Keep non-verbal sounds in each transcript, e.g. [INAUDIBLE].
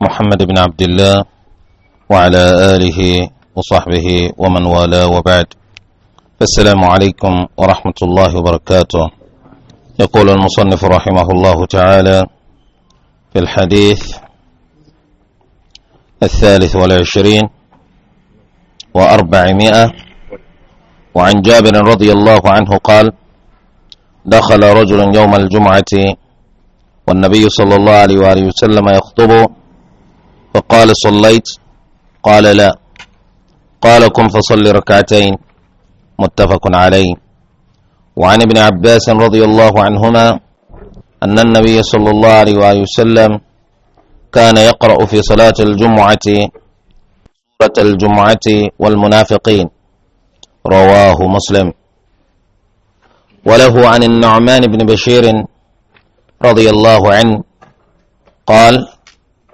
محمد بن عبد الله وعلى آله وصحبه ومن والاه وبعد فالسلام عليكم ورحمة الله وبركاته يقول المصنف رحمه الله تعالى في الحديث الثالث والعشرين وأربعمائة وعن جابر رضي الله عنه قال دخل رجل يوم الجمعة والنبي صلى الله عليه وآله وسلم يخطب فقال صليت قال لا قال قم فصل ركعتين متفق عليه وعن ابن عباس رضي الله عنهما أن النبي صلى الله عليه وآله وسلم كان يقرأ في صلاة الجمعة سورة الجمعة والمنافقين رواه مسلم وله عن النعمان بن بشير رضي الله عنه قال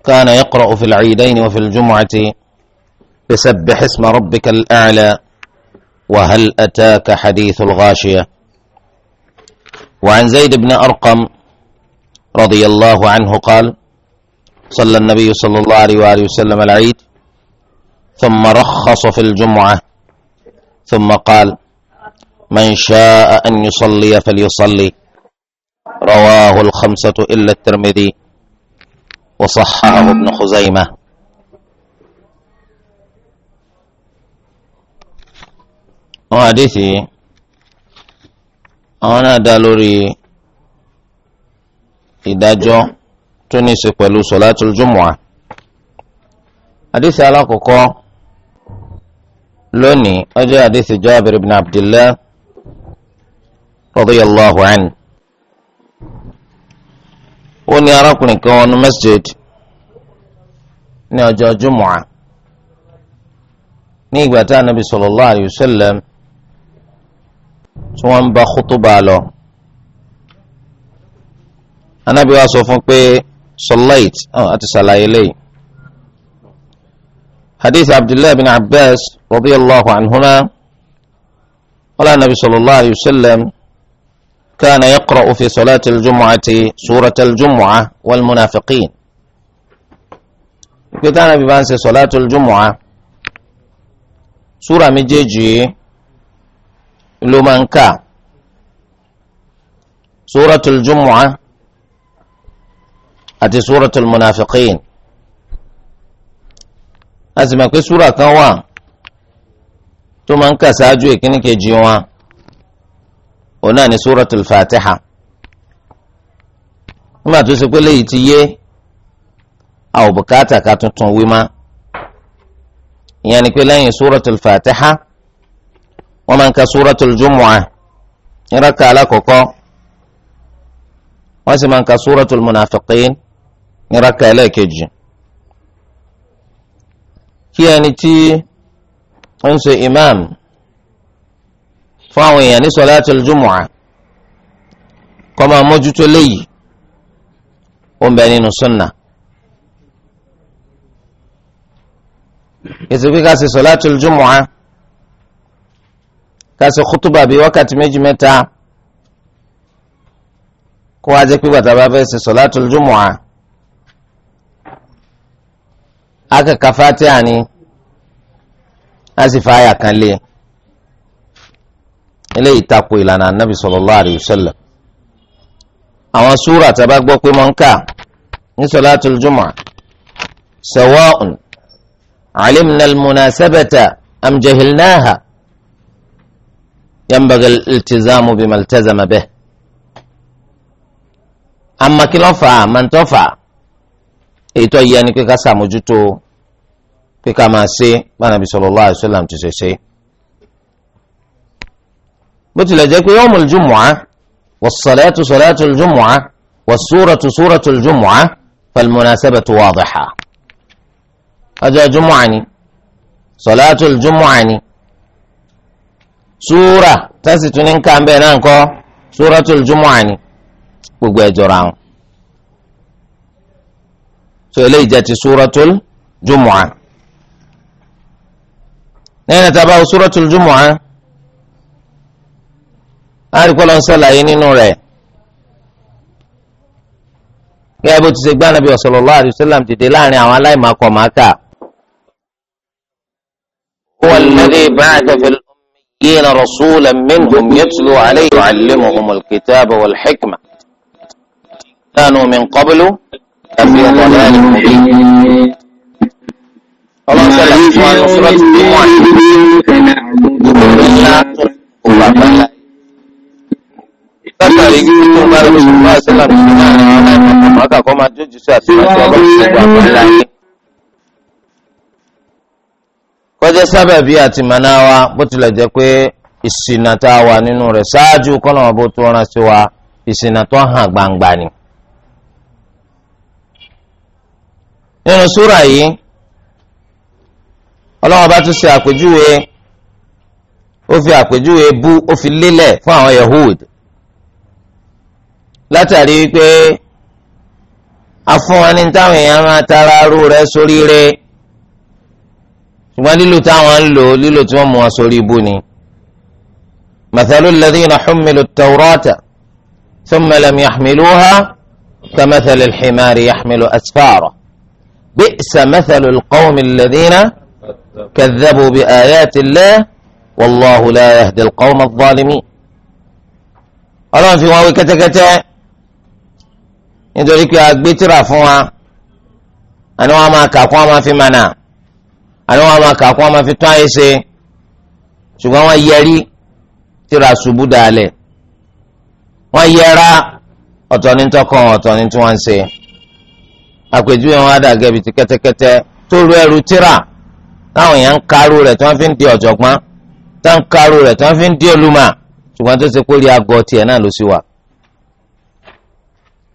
كان يقرأ في العيدين وفي الجمعة بسبح اسم ربك الأعلى وهل أتاك حديث الغاشية وعن زيد بن أرقم رضي الله عنه قال صلى النبي صلى الله عليه وآله وسلم العيد ثم رخص في الجمعة ثم قال من شاء أن يصلي فليصلي رواه الخمسة إلا الترمذي وصححه ابن خزيمة وحديثي أنا دالوري إداجو تونسي قلو صلاة الجمعة حديثي على كوكو لوني أجي حديث جابر بن عبد الله رضي الله عنه ó ní arákùnrin kan wọnú masjid ní ọjọ́ jumu'a ní ìgbà tí anabi sallallahu alayhi wa sallam tí wọ́n ń bá khutuba lọ anabi wa sọ fún pé sallait àti sàlàyé lẹ́yìn hadith abdullahi bin abbas radiyallahu anhuma wala anabi sallallahu alayhi wa sallam. كان يقرأ في صلاة الجمعة سورة الجمعة والمنافقين كتانا ببانس صلاة الجمعة سورة مجيجي لمنكا سورة الجمعة أتي سورة المنافقين أسمع سورة كوا تمنكا ساجوي كنك جيوان òun náà ni suratul fatiha nígbà tó ṣe pé léyìí ti yé àwọn bùkátà ká tuntun wí má ìyẹn ni pé lẹ́yìn suratul fatiha wọ́n máa ń ka suratul jumu'ah ìrákà alákọ̀ọ́kọ́ wọ́n sì máa ń ka suratul munafiqin ìrákà ẹlẹ́ẹ̀kejì kí ẹni tí ó ń ṣe imam fún àwọn èèyàn ní sọláàtul jumu'a kó máa mójútó léyìí ó ń bẹ nínú súnà. ètò pé ká ṣe sọláàtul jumu'a ká ṣe kútùbà bíi wákàtí méjì mẹ́ta kó wá jẹ́ pé bàtà bá fẹ́ ṣe sọláàtul jumu'a akẹ́kọ̀ọ́ fatiha ni a sì fa àyà kan lé e. ilé tako ìlànà anabi sallallahu alayhi wa sallam àwọn súra tàbá gbọ́ pé mọ ń kà ní salatul jumu'ah sawa'un alimna almunasabata am jahilnaha yanbaghi al-iltizamu bima iltazama bih àmọ́ kí ló fà á màá tó fà á èyí tó yẹ ni pé ká sàmójútó pé ká máa ṣe bá nàbí sallallahu alayhi wa sallam ti ṣe ṣe. bó tilẹ̀ jẹ́ pé yawmul jumu'ah was-salatu salatul jumu'ah was-suratu suratul jumu'ah fal-munasabatu wadihah. ọjọ́ jumu'ah ni salatul jumu'ah ni súra tẹ́sí tún ní nǹkan bẹ́ẹ̀ náà kọ́ suratul jumu'ah ni gbogbo ẹ̀ jọra wọn. so eléyìí jẹ́ ti suratul jumu'ah. lẹ́yìn náà tá a bá wọ suratul jumu'ah. arikọlọ ń sàlàyé nínú rẹ̀ gẹ́gẹ́ bó ti ṣe gbá nàbí sallallahu alaihi wasallam dìde láàrin àwọn aláìmọ̀kọ̀ màkà. هو الذي بعث في الأميين رسولا منهم يتلو عليه ويعلمهم الكتاب والحكمة كانوا من قبل ففي ضلال مبين الله تعالى في سورة الجمعة yìí kí tó ń bá lọ sí ìwà sílẹ̀ nínú àwọn ọmọ ẹ̀kọ́ màkà kọ́ máa jójú sí àtúnṣe ọlọ́sẹ̀ ìgbàgbọ́ ńlá àti mànáwa bó tilẹ̀ jẹ́ pé ìṣìnà tá a wà nínú rẹ̀ ṣáájú kọ́nà ọ̀bọ tó rán sí wa ìṣìnà tó hàn gbangba ni. nínú yìí ọlọ́wọ́n bá tún ṣe àpèjúwe ó fi àpèjúwe bú ó fi lélẹ̀ fún àwọn Yahud látàrí pé afúnwani táwọn èèyàn máa tara aró rẹ̀ sóríire ṣùgbọ́n lílo táwọn ń lò lílo tí wọ́n mú wọn sórí ibú ni. مثل الذين حملوا التوراة ثم لم يحملوها كمثل الحمار يحمل أسفارا بئس مثل القوم الذين كذبوا بآيات الله والله لا يهدي القوم الظالمين ọlọ́run fi wọn wí kẹ́tẹ́kẹ́tẹ́ nítorí pé agbétìrà fún wa àni wọn máa kà kó wọn máa fi mànà àni wọn máa kà wọn máa fi tó àyè ṣe ṣùgbọ́n wọ́n yẹrí tìrà ṣubú dalẹ̀ wọ́n yẹra ọ̀tọ̀ ní tọkàn ọ̀tọ̀ ní tí wọ́n ń ṣe àpèjúwe wọn àdàgẹ́ bìí ti kẹ́tẹ́kẹ́tẹ́ tó ru ẹrù tìrà táwọn èèyàn ń karú rẹ̀ tí fi ń di ọ̀jọ̀gbọ́n tá ń karú rẹ̀ tí wọ́n fi ń di tó kórìí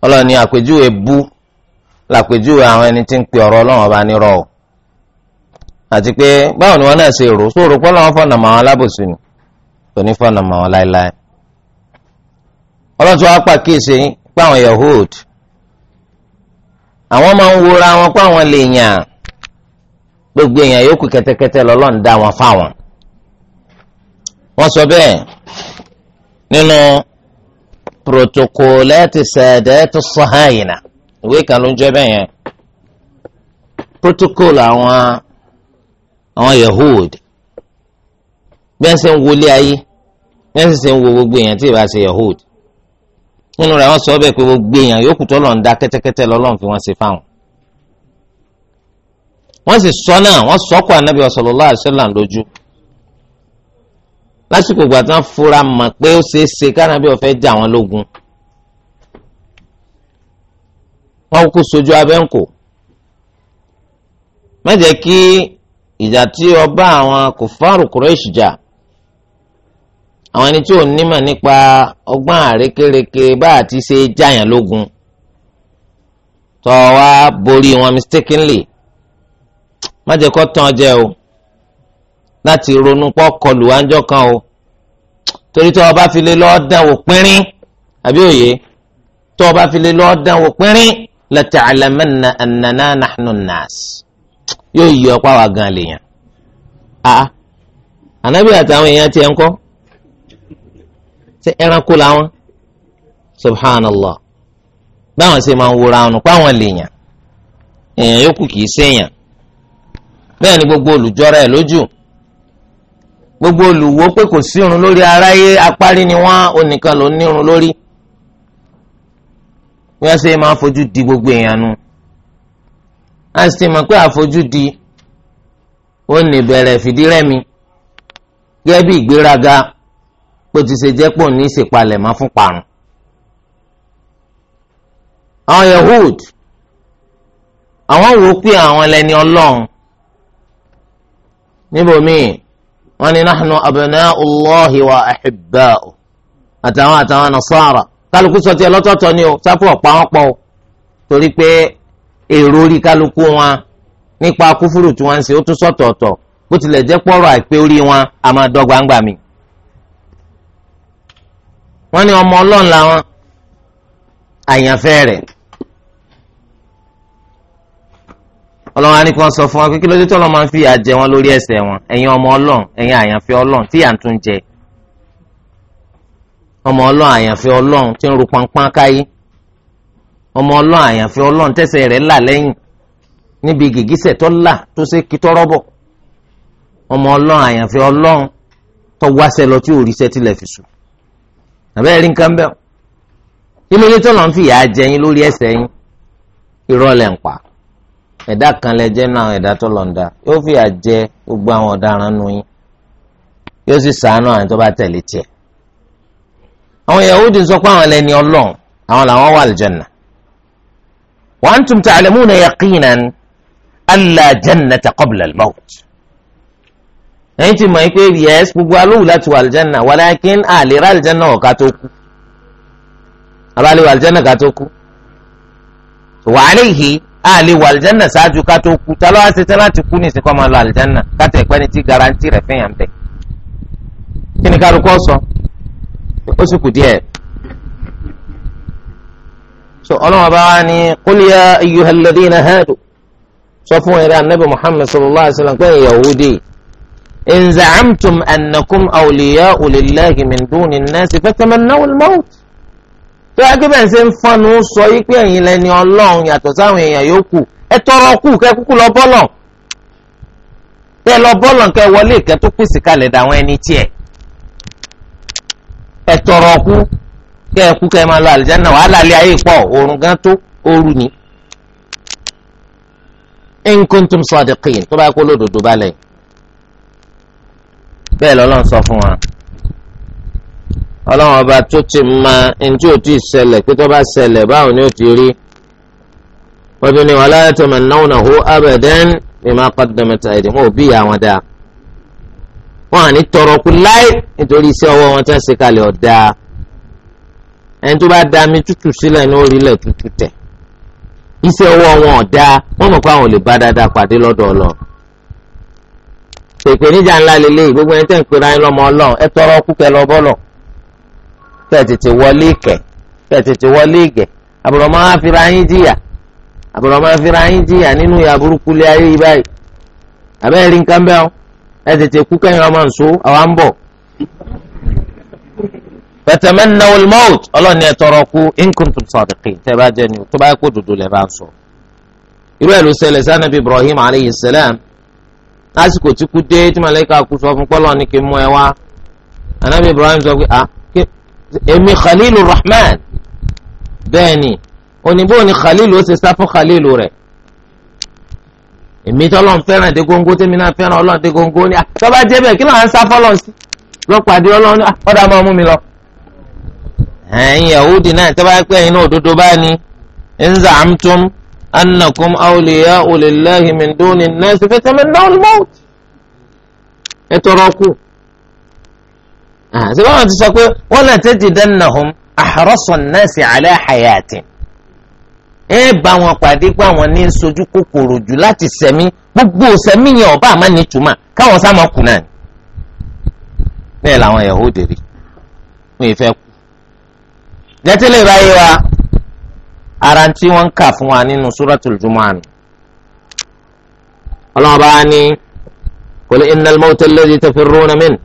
ọlọ́ni àpèjúwe bú làpèjúwe àwọn ẹni tí ń pe ọ̀rọ̀ ọlọ́run ọba nírọ̀ o àti pé báwo ni wọ́n náà ṣe rò sóòrò pé ọlọ́run fọ̀nà mọ́ àwọn alábòsí ni kò ní fọ̀nà mọ́ àwọn láéláé ọlọ́run tó wá pàkíyèsí pé àwọn yahood àwọn máa ń wúra wọn pé àwọn lè yàn gbogbo èèyàn yòókù kẹ́tẹ́kẹ́tẹ́ lọ́lọ́run dá wọn fáwọn wọ́n sọ bẹ́ẹ̀ nínú protokolati sadati sahayina ìwé kan ló ń jẹ́ bẹ́ẹ̀ yẹn protocol àwọn àwọn yahood bí wọ́n ṣe ń wọlé ayé bí wọ́n ṣe ń wo gbogbo èèyàn tí ṣe yahood nínú rẹ̀ wọ́n sọ bẹ́ẹ̀ pé gbogbo èèyàn yòókù tó lọ́n da kẹ́tẹ́kẹ́tẹ́ lọ́lọ́run fi wọ́n ṣe wọ́n sì sọ náà wọ́n sọ́kọ̀ anábìyà sallallahu lójú. lásìkò ìgbà tí wọ́n fura mọ̀ pé ó ṣeé ṣe kánábì ọ̀fẹ́ jà wọ́n lógun wọ́n kú sojú abẹ́ǹkò má jẹ́ kí ìjà tí ọba àwọn kòfàrù kúrẹ́ṣì jà àwọn ẹni tí ò nímọ̀ nípa ọgbọ́n àrékérekè bá àti ṣe jáyàn lógun tọ́ wa borí wọn mistakenly má tán jẹ́ o láti ronú pọ́ kọlù wájọ́ kan o torí tí ọba fi lé lọ́ọ́ dán wò pínrín àbí òye tí ọba fi lé lọ́ọ́ dán wò pínrín lata'lamanna annana nahnu an-nas yóò yí ọpá wa gan lèèyàn a ànábì àtàwọn èèyàn tiẹ̀ ń kọ́ ṣe ẹranko làwọn subhanallah báwọn ṣe máa ń wúra ọ̀nù páwọn lèèyàn èèyàn yókù kì í ṣèèyàn bẹ́ẹ̀ ni gbogbo olùjọ́ra ẹ̀ lójú gbogbo olùwò pé kò sí irun lórí aráyé apárí ni wọn onìkan ló ní irun lórí wọn ṣe máa fojú di gbogbo èèyàn nu a sì ti mọ̀ pé àfojú di ó ní bẹ̀rẹ̀ fìdírẹ́mi gẹ́gẹ́ bí ìgbéraga pé ti ṣe jẹ́ pò ní ìṣèpalẹ̀ máa fún parun. àwọn Yahud àwọn wò pé àwọn lẹni ọlọ́run níbòmíì. wọ́n ní nahnu abnaullahi wa ahibba'u àtàwọn àtàwọn nasara kálukú sọ tiẹ̀ lọ́tọ̀ọ̀tọ̀ ni o sápò ọ̀pá o torí pé èrò orí kálukú wọn nípa kúfúrú tí wọ́n ń ṣe ó tún sọ̀tọ̀ọ̀tọ̀ bó tilẹ̀ jẹ́ pọ̀rọ̀ àìpé orí wọn a máa ọlọ́run á ní kí wọ́n sọ fún wa pé kí ló dé tọ́lọ́ máa ń fìyà jẹ wọn lórí ẹ̀ṣẹ̀ wọn ẹ̀yin ọmọ ọlọ́run ẹ̀yin àyànfẹ́ ọlọ́run tí yà ń tún jẹ ọmọ ọlọ́run àyànfẹ́ ọlọ́run tí ń ru pọnpọ́n káyé ọmọ ọlọ́run àyànfẹ́ ọlọ́run tẹ̀sẹ̀ rẹ̀ là lẹ́yìn níbi gìgísẹ̀ tó là tó ṣe kí tọ́rọ́ bọ̀ ọmọ ọlọ́run àyànfẹ́ ọlọ́run tó ẹ̀dá kan lẹ jẹ́ nínú àwọn ẹ̀dá tó lọ́nda yóò fìyà jẹ gbogbo àwọn ọ̀daràn nù yín yóò sì sàánú àwọn tó bá tẹ̀lé tiẹ̀. àwọn Yahudi sọ pé àwọn lẹni ọlọ́run àwọn làwọn wà àlùjànnà. wa antum ta'lamuna yaqinan alla jannata qabla al-mawt. ẹ̀yin ti mọ̀ pé yẹ́s gbogbo alóhù láti wà àlùjànnà wà àlùjànnà ká tó kú a lè wà àlìjánà ṣáájú ká tó kú ta ló wá ṣetán láti kú ní ìsìnkú ọmọ lọ àlìjánà káta ẹ̀pẹ́ ni ti garanti rẹ̀ fẹ́yàn bẹ́ẹ̀. kí ni kálukú sọ ó sì kù díẹ̀. so ọlọ́wọ́n bá wá ní qul ya ayyuhal ladhina hadu sọ fún ẹ̀rẹ́ anabi muhammad sallallahu alayhi wa sallam pé yahudi in za'amtum annakum awliya'u lillahi min duni an-nasi fatamannaw tó yẹ kí bẹ́ẹ̀ ṣe ń fọnù sọ yí pé ẹ̀yin lẹni ọlọ́run yàtọ̀ sáwọn èèyàn yòókù ẹ tọrọ kù kẹ kúkú lọ bọ́lọ̀ tẹ lọ bọ́lọ̀ kẹ wọlé ìkẹ́ tó pèsè kalẹ̀ dàwọn ẹni tiẹ̀ ẹ tọrọ kù kẹ ẹ kú kẹ ẹ máa lọ àlùjáná wàhálà ilé ayé pọ̀ oorun gan tó ooru ni. in kuntum sadiqin tó bá kó lódodo balẹ̀ bẹ́ẹ̀ lọ́lọ́run sọ fún wa ọlọ́run ọba tó ti ma ẹni tí ò tí ì ṣẹlẹ̀ pé tó bá ṣẹlẹ̀ báwo ni ó ti rí wọ́n tún ní wala tamannahu abadan bima qaddamat aydikum wọn ò bí ìyá wọn dáa wọn à ní tọrọ kú láì nítorí iṣẹ́ ọwọ́ wọn tí wọ́n ṣe kalẹ̀ ọ̀dà ẹni tó bá da mi tútù sílẹ̀ ní orílẹ̀ tútù tẹ̀ iṣẹ́ ọwọ́ wọn ọ̀dà wọn mọ̀ pé àwọn ò lè bá dáadáa pàdé lọ́dọ̀ ọlọ́run pèpè níjà ńlá lélẹ́yìí gbogbo ẹni tẹ́ ń pera ẹ lọ́mọ ọlọ́run ẹ tọrọ kú kẹ lọ bọ́lọ̀ kẹ́ ẹ̀ tètè wọlé ìkẹ́ kẹ́ ẹ̀ tètè wọlé ìgẹ̀ àbùrọ̀ máa fira yín jìyà àbùrọ̀ máa fira yín jìyà nínú ìyà burúkú lé ayé yìí báyìí àbẹ́ẹ̀ rí nǹkan bẹ́ẹ̀ o ẹ̀ kú kẹ́yìn ọmọ nsọ àwa ń bọ̀. pẹ̀tẹ̀mẹ́nà olmout ọlọ́ni ẹ̀ tọrọ kú inkuntum sadiqi tẹ́ Ibrahim sọ pé ah èmi khalilu rahman bẹ́ẹ̀ ni oníbó ni khalilu ó ṣe sá fún khalilu rẹ̀ èmi tọ́lọ́n fẹ́ràn dé góńgó tèmi náà fẹ́ràn ọlọ́run dé góńgó ni tọ́ba jẹ́ bẹ́ẹ̀ kí ló ń sá fọ́lọ́n sí lọ́pàdé ọlọ́run ọ̀dà máa mú mi lọ. ẹ̀yin yahudi náà tọ́ba pẹ́ ẹ̀yin òdodo bá ní in za'amtum annakum awliya'u lillahi min duni nnasi fatamannaw al-maut kù Ah, ṣé báwọn ti sọ pé wọn náà tètè dáná hùm àhárọ́sọ̀ náà sì alẹ́ àyàtì ẹ bá wọn pàdé pé àwọn ní sojú kòkòrò jù láti sẹ̀mí gbogbo sẹ̀mí yẹn ọba àmà ní tùmà káwọn sá máa kù náà ni bẹ́ẹ̀ làwọn Yahudi rí wọn ìfẹ́ kú jẹ́tẹ́lẹ̀ báyìí wa ara tí wọ́n kà fún wa nínú Suratul Jumu'ah àná ọlọ́wọ́n bá ní qul innal mawta alladhi tafirruna min.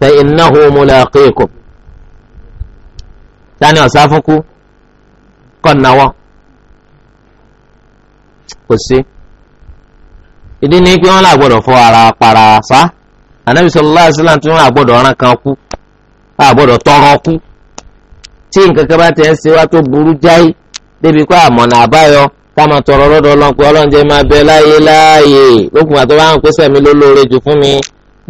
fa innahu mulaqikum tani ọ̀sáfúnkú kọ́ náwọ́ kò sí ìdí ni pé wọ́n làgbọ́dọ̀ fọ ara para fa anabi sallallahu alaihi wasallam tí wọ́n àgbọ́dọ̀ ọ̀ràn kan tọrọ tí nǹkan kan bá ṣe wá tó burú jáì tọrọ lọ́dọ̀ máa bẹ láyé láàyè lókùn pèsè mi lólóore jù fún mi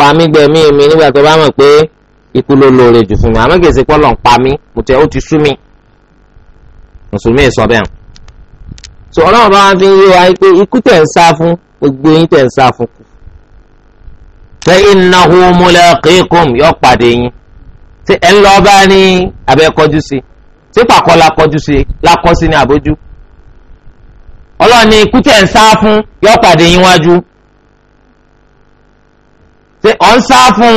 pa mí gbẹ̀mí mi nígbà tó bá mọ̀ pé ikú ló lóore jù fún mi àmọ́ kìí ṣe pé Ọlọ́run pa mí mo tẹ ó ti sú mi mùsùlùmí sọ bẹ́ẹ̀ so Ọlọ́run bá wọn fi ń yé wa pé ikú tẹ̀ ń sá fún gbogbo yín tẹ̀ ń sá fún kù fa innahu mulaqikum yọ pàdé yín ṣé ẹ ń lọ bá ní abẹ́ kọjú sí ṣé pàkọ́ la kọjú sí lakọ́ sí ní àbójú Ọlọ́run ikú tẹ̀ ń sá fún yọ pàdé yín wájú ṣe ọ̀ ń sá fún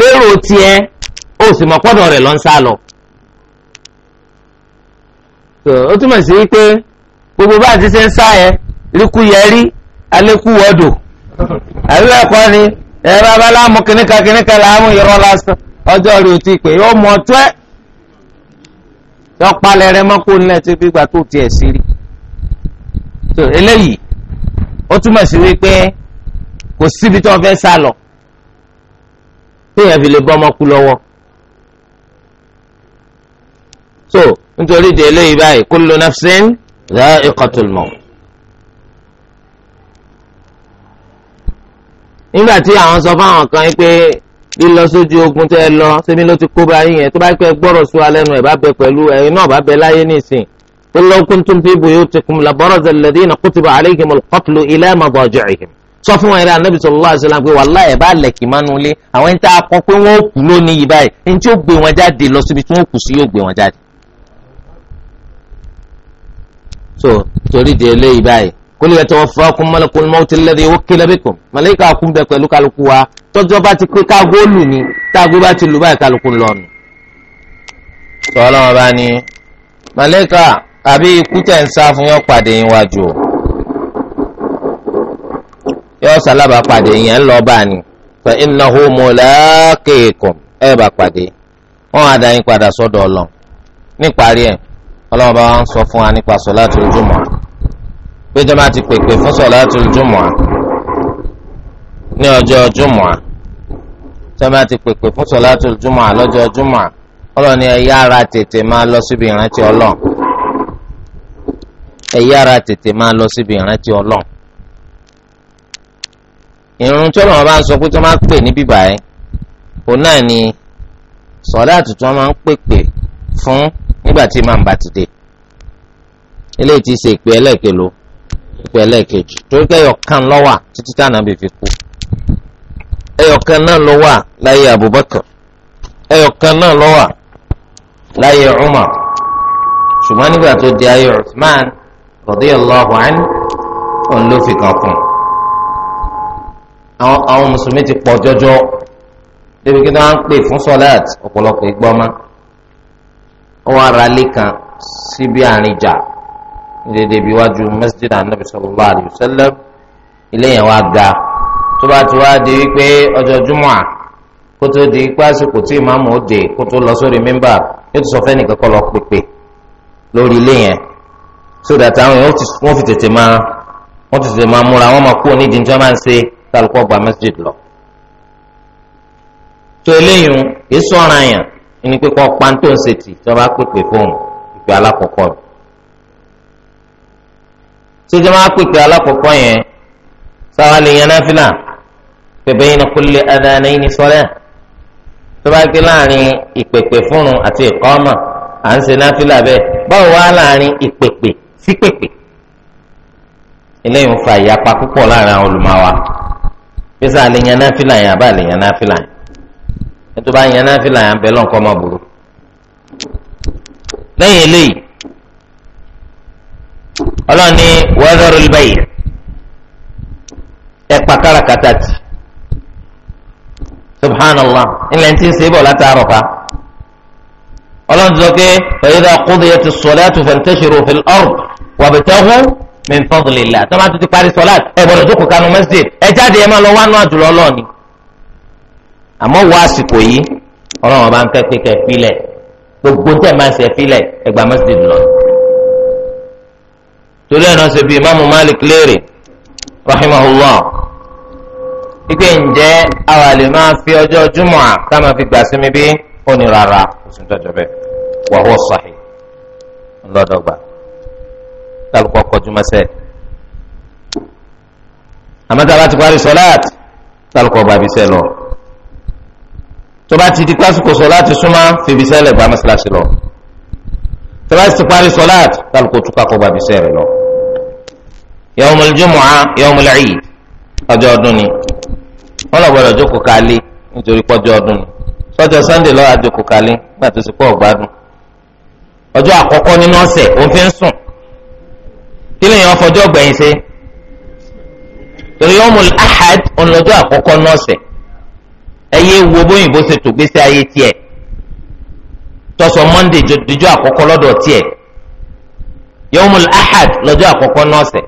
lérò tiẹ̀ ó sì mọ̀ pọ́dọ̀ rẹ̀ lọ́ ń sá lọ. ó túmọ̀ sí wípé gbogbo bá àti ṣe ń sá yẹn ríkú yẹ rí alékú wọ́dọ̀ àbí ẹ̀kọ́ ni ẹ bá bá láàmú kìnnìkan kìnnìkan láàmú ìrọ̀ lásán ọjọ́ rí o ti pè yóò mọ̀ tó ẹ̀ yọ palẹ̀ rẹ mọ́kó nílẹ̀ tí gbígbà tó tiẹ̀ sí rí. eléyìí ó túmọ̀ sí wípé kò síbi tó fẹ́ sá lọ téèyàn fi lè bọ́ ọmọ kú lọ́wọ́. so nítorí de eléyìí báyìí kullu nafsin dha'iqatul maut. nígbà tí àwọn sọ fáwọn kan yìí pé lílọ sójú ogun tẹ́ ẹ lọ sẹ́mi ló ti kó bá yẹn tó bá pẹ́ gbọ́rọ̀ sí wa lẹ́nu bá bẹ pẹ̀lú ẹ̀yin náà bá bẹ láyé nísìn qul law kuntum fi buyutikum labaraza alladhina kutiba alayhimul qatlu ila madaji'ihim sọ fún wọn ẹ̀rẹ́ anabi sallallahu alaihi wasallam pé wàláhì ẹ̀ bá lẹ̀kì mánú ilé àwọn ẹni tá a kọ pé wọ́n kú lónìí yìí báyìí ẹni tí ó gbé wọn jáde lọ síbi tí wọ́n kù sí yóò gbé wọn jáde. so torí di eléyìí báyìí kul yatawaffakum malakul mawti alladhi wukkila bikum màlẹ́kà kún bẹ pẹ̀lú kálukú wa tọ́jọ́ bá ti pé káàgó lù táàgó bá ti lù báyìí kálukú lọ́nu. sọ ọlọ́run bá ní màlẹ́kà àbí ikú tẹ̀ ń sá fún yọ pàdé yín wájú o. yọ sálábà pàdé yẹn ń lọ bá ní fa innahu mulaqikum ẹ bá pàdé wọn á yín padà sọ́dọ̀ ọlọ níparí ẹ Ọlọ́run bá wọn sọ fún wa nípa pé jọba ti pèpè fún solatul jumu'ah ní jọba ti pèpè fún ara tètè máa lọ síbi ìrántí tètè máa lọ síbi ìrántí ọlọ ìrun tí Ọlọ́run bá ń sọ pé tí wọ́n máa ń pè ní bíbà ẹ̀ o náà ni sọ̀dá máa ń fún nígbà tí màá bá ti dé eléyìí ti ṣe ìpè ẹlẹ́ẹ̀kelo ìpè torí pé ẹyọkan lọ́wà títí ànábì fi kú ẹyọkan náà láyé Abubakar ẹyọkan náà láyé Umar ṣùgbọ́n nígbà tó di ayé àwọn àwọn mùsùlùmí ti pọ̀ jọjọ débi kí wọ́n á ń pè fún sọ́láàt ọ̀pọ̀lọpọ̀ ìgbọ́mọ́ wọ́n ara lé kan síbi àárín jà dédé bí wájú masjid anabi sallallahu alayhi wa sallam ilé yẹn wá ga tó bá ti wá di wípé ọjọ́ júmọ́ à kó tó di pé àsìkò tí ìmáàmù ó dé kó tó lọ sórí mímbà yóò ti sọ fẹ́ nìkan kọ́ lọ pèpè lórí ilé yẹn so that àwọn yẹn wọ́n fi tètè máa wọ́n ti tètè máa múra wọ́n máa kú onídìí kálukọ́ gba masjid lọ. tó eléyìí kì í sọ̀rọ̀ àyàn ní pípọ́ pàǹtó ń ṣètì tó bá pèpè fóun ìpè alákọ̀ọ́kọ́ mi. sójà máa pèpè alákọ̀ọ́kọ́ yẹn sáwá lè yan náfìlà pèpè yìí ní kulli adhanaini salat tó bá gbé láàrin ìpèpè fóun àti ìkọ́mà à ń ṣe náfìlà bẹ́ẹ̀ báwo wá láàrin ìpèpè sí pèpè eléyìí ń fa ìyapa púpọ̀ láàrin àwọn olùmọ̀ wa pèsè àlèyàn náà fìlà yẹn àbá àlèyàn náà fìlà yẹn ètò bá yẹn náà fìlà yẹn bẹ́ẹ̀ lọ́nkọ́ ọmọ burú. lẹ́yìn eléyìí ọlọ́run ní wẹ́ẹ́dọ́rù lùbẹ́yì ẹ̀pà káràkátà tì subhanallah ilẹ̀ tí ń ṣe bọ̀ látàárọ̀ pa ọlọ́run ti sọ pé ẹ̀yẹ́dà kúndìyẹ ti sọ̀lẹ́ àtúfẹ̀ntẹ́sirò fìlọ́rù wàbẹ̀tẹ́hùn min fadlillah tó máa tún ti parí sọláàtì ẹ gbọ́dọ̀ jókòó kanu masjid ẹ jáde ẹ máa lọ wá náà jùlọ lọ́ọ̀ni. àmọ́ wọ àsìkò yìí ọlọ́run ọba ń fẹ́ pé kẹ́ filẹ̀ gbogbo tẹ̀ máa ń sẹ́ filẹ̀ ẹgbàá masjid lọ. torí ẹ̀ náà ṣe bí imaamu malik léèrè rahimahullah ike ǹjẹ́ àwa lè máa fi ọjọ́ júmọ̀ à ká máa fi gbà sí bí ó ní rárá oṣù tó jọ bẹ́ẹ̀ wàhùn sahih ńlọ́dọ̀gba kálukọ́ kọjú mọ́sẹ̀ àmọ́tá bá ti parí sọ́láàt kálukọ́ bá bisẹ́ lọ tó bá ti di pásítọ̀ sọ́láàt súnmọ́ fi bisẹ́ lẹ̀ bá mọ́sálásí lọ tó bá ti parí sọ́láàt kálukọ́ tún kakọ́ bá bisẹ́ rẹ̀ lọ. yawmul jumu'a yawmul eid ọjọ́ ọdún ni wọ́n lọ gbọ́dọ̀ jókòó kálí nítorí pọ́jọ́ ọdún ni sọ́jọ́ sunday lọ́wọ́ àjókòó kálí gbà tó ti pọ̀ gbádùn ọjọ́ àkọ́kọ́ nínú ọ̀sẹ̀ òun fi ń sùn kí lè yàn fọjọ́ gbẹ̀yìn ṣe torí ọmọ ahad ọlọ́jọ́ àkọ́kọ́ nọ́ọ̀sẹ̀ ẹyẹ wo bóyìnbó ṣe tó gbèsè ayé tiẹ̀ monday àkọ́kọ́ lọ́dọ̀ tiẹ̀ ahad lọ́jọ́ àkọ́kọ́ nọ́ọ̀sẹ̀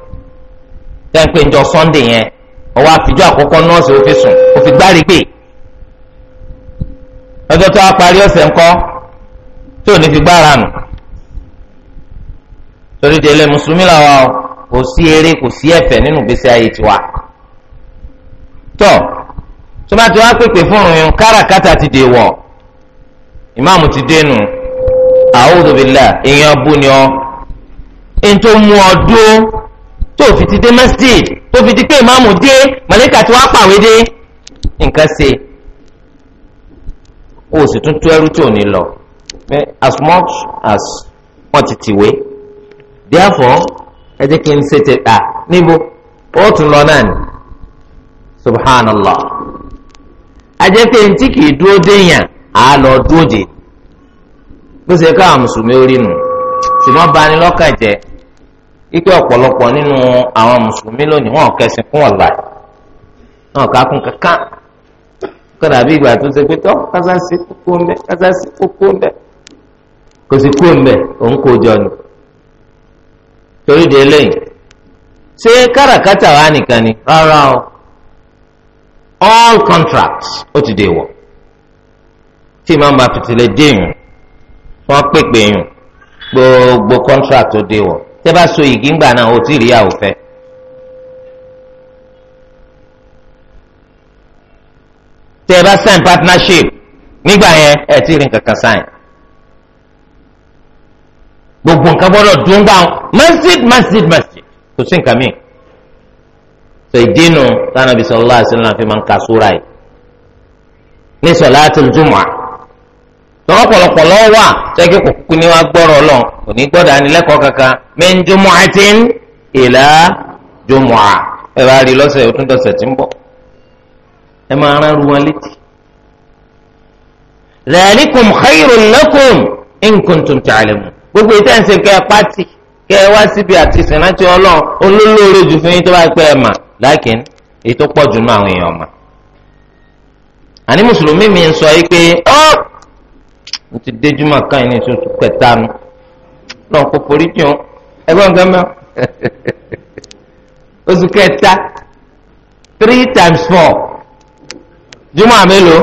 tẹ́ ń njọ sunday yẹn ọwọ́ àfijọ́ àkọ́kọ́ nọ́ọ̀sẹ̀ ó fi sùn ó gbárí gbé ọjọ́ tó a torí délé mùsùlùmí làwa o kò sí eré kò sí ẹ̀fẹ̀ nínú gbèsè ayé tiwa tọ tó bá ti wá pèpè fún òun káràkátà ti dè wọ ìmáàmù ti dénú a'udhu billah èèyàn bú ni ọ ẹni tó mú ọ dúró tó fi ti dé masjid tó fi ti pé ìmáàmù dé màlẹ́kà tí wàá pàwé dé nǹkan ṣe o sì tún tó ẹrú tí ní lọ as much as wọ́n ti tìwé. therefore ẹ jẹ́ kí n ṣe tẹ̀ níbo ó tún lọ náà ni subhanallah ajẹ́ pé ntí kì í dúró déyàn á lọ dúró dé bó ṣe mùsùlùmí orí ike ọ̀pọ̀lọpọ̀ nínú àwọn mùsùlùmí lónìí wọn kẹsìn fún náà kákún kankan ìgbà tó ṣe pé tọ́ kókó ń bẹ́ torí de eléyìí ṣé káràkátà wa nìkan ni rárá o all contracts ó ti dè wọ tí màá ma fìtìlẹ̀ dé yùn pèpè gbogbo contract ó dè wọ tẹ́ so yìí gbà náà ó ti rí àwọn fẹ́. sign partnership nígbà yẹn ẹ ti rí nǹkan kan sign. gbogbo nǹkan gbọ́dọ̀ dùn gbà wọn masjid masjid masjid kò sí nǹkan mìíràn tó ìdínú tánàbí sallallahu alaihi wasallam fi máa ń ka súra yìí ní salatul jumu'ah tọ́wọ́ pọ̀lọpọ̀ lọ́wọ́ wà tẹ́kí kòkòkò ni wọ́n gbọ́rọ̀ lọ kò ní gbọ́dọ̀ ànilẹ́kọ̀ọ́ kankan min jumu'atin ila jumu'ah ẹ bá rí lọ́sẹ̀ ó tún dọ̀sẹ̀ ń bọ̀ ẹ máa rán ru wọn létí. dhalikum khayrun lakum in kuntum gbogbo ìtẹ́ ń ṣe kẹ́ ẹ pátì kẹ́ ẹ wá síbi àti ìsìnláńtì ọlọ́run olólóore jù fún yín tó bá pẹ́ ẹ mà lákìn èyí tó pọ̀ jù nínú àwọn èèyàn mà. àní mùsùlùmí mi ń sọ yìí pé ọ́ mo ti déjú mà káyìn ní ìṣòro kẹta nu lọ́n kó forí jù ú ẹgbẹ́ nǹkan mẹ́wọ́ [LAUGHS] oṣù kẹta three times four jùmọ̀ àmì lò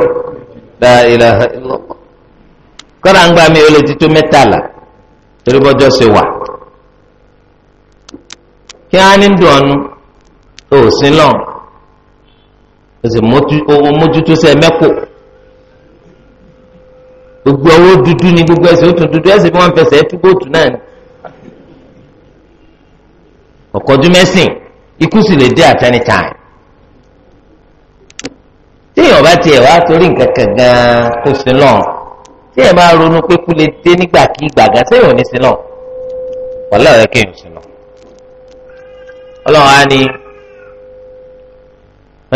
la ilaha illallah kọ́ra ń gbà mí ó lè mẹ́tàlá torí bọ́jọ́ ṣe wà kí á ní dùn ọ́nú ó sí lọ́n ó sì mójútó sẹ́ mẹ́kò gbogbo owó dúdú ni gbogbo ẹsẹ̀ ó tún dúdú ẹsẹ̀ bí wọ́n fẹsẹ̀ ẹ túbòtù náà ni ọ̀kọ́jú mẹ́sìn ikú sì lè dé at any time téèyàn bá tiẹ̀ wá torí nǹkan kan gan kó sí lọ́n tí ẹ máa ronú pé kú lè dé nígbàkigbà gan sẹ́yìn òní sílọ̀ wàhálà rẹ kéèyàn sílọ̀ ọlọ́run á ní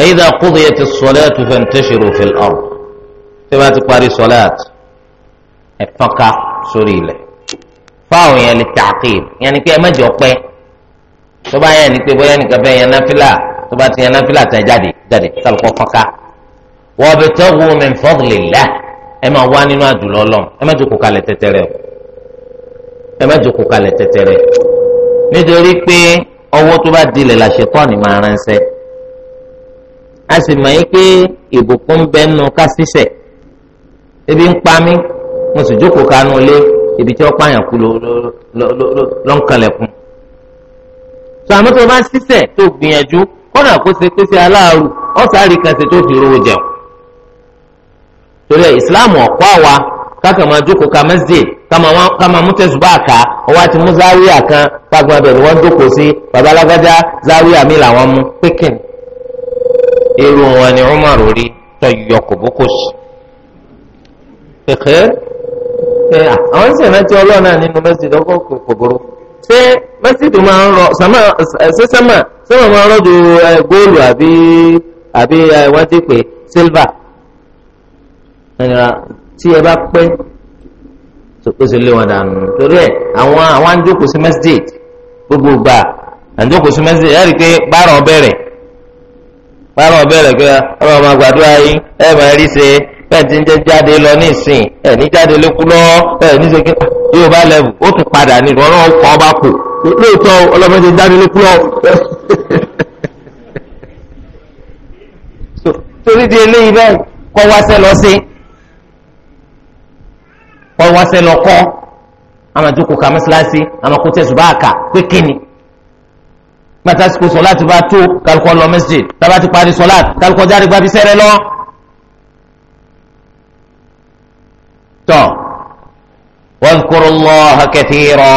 ẹ̀yìndà kúndé yẹn ti sọ̀lẹ́ tó fẹ́ tẹ̀sí rúfin ọ̀rọ̀ tí wọ́n ti parí sọ̀lẹ́ àti ẹ̀fọ́nká sórí ilẹ̀ fáwọn yẹn lè tààkìb yẹn ni pé ẹ mẹ́jọ pẹ́ tó bá yẹn ni pé bóyá nìkan bẹ́ẹ̀ yẹn náfìlà tó bá ti yẹn náfìlà tẹ̀ jáde jáde kálukọ́ fọ́nká wọ́n bẹ tọ́gùn min fadlillah ẹ máa wá nínú àdúrà Ọlọ́run ẹ má jókòó kalẹ̀ tẹ́tẹ́rẹ́ o ẹ má jókòó kalẹ̀ tẹ́tẹ́rẹ́ nítorí pé ọwọ́ tó bá dilẹ̀ la Ṣẹ̀tánì máa ránṣẹ́ a sì mọ̀ yín pé ìbùkún bẹ́ẹ̀ nu ká sísẹ̀ ebi ń pa mí mo sì jókòó kanú ilé ibi tí wọ́n pààyàn kú ló ń kalẹ̀kùn tó àmọ́ tó bá sísẹ̀ tó gbìyànjú kọ́nà kó ṣe pèsè aláàrù ọ̀sán àríkànṣe tó fi rówó jẹun torí ẹ ìsìláàmù ọ̀pọ̀ àwa káka máa jókòó ka masjid ká máa mú tẹ̀sùbá àká ọwọ́ àti mú záwíà kan tágbọ́n abẹ ni wọ́n jókòó sí bàbá alágbájá záwíà mi làwọn mú pékin irú wọn ni Umar rí tọ́ yọ kòbókòsì pèkè àwọn sì rántí ọlọ́ọ̀nà nínú masjid ọkọ̀ kòkòrò ṣé masjid máa ń rọ sàmà ṣé sàmà máa ń rọ ju góòlù àbí àbí wọ́n ti pè sílvà ẹnìyàrá tí ẹ bá pẹ́ ó sì lé wọn dànù torí ẹ àwọn àwọn àjòkó sí mẹsídẹẹd gbogbo gbà àjòkó sí mẹsídẹẹd ẹ rí i pé bárọ̀ bẹ̀rẹ̀ bárọ̀ bẹ̀rẹ̀ pé ọlọ́run máa gbàdúrà yín ẹ máa rí ṣe bẹ́ẹ̀ ti ń jẹ́ jáde lọ ní ìsìn ẹ̀ ní jáde lókun lọ́wọ́ ẹ̀ ní sèké yóò bá lẹ́bù ó tún padà ní ìrọ̀rùn ọkọ̀ ọba kù lóòótọ́ ọlọ́mọ ti jáde lókun lọ́wọ́. [LAUGHS] torí di eléyìí bẹ́ẹ̀ kọ́ wá sẹ́ lọ sí kọ́ wáṣẹ́ lọ kọ́ àmọ́ tó kò ká mọ́ṣáláṣí àmọ́ kó tẹ̀sùn bá kà pé kíni gbàtà sìkò sọlá ti bá tó kálukọ lọ mẹsìgì tábà ti parí sọlá kálukọ jáde gbabi sẹrẹ lọ. tọ wadhkuru Allaha katira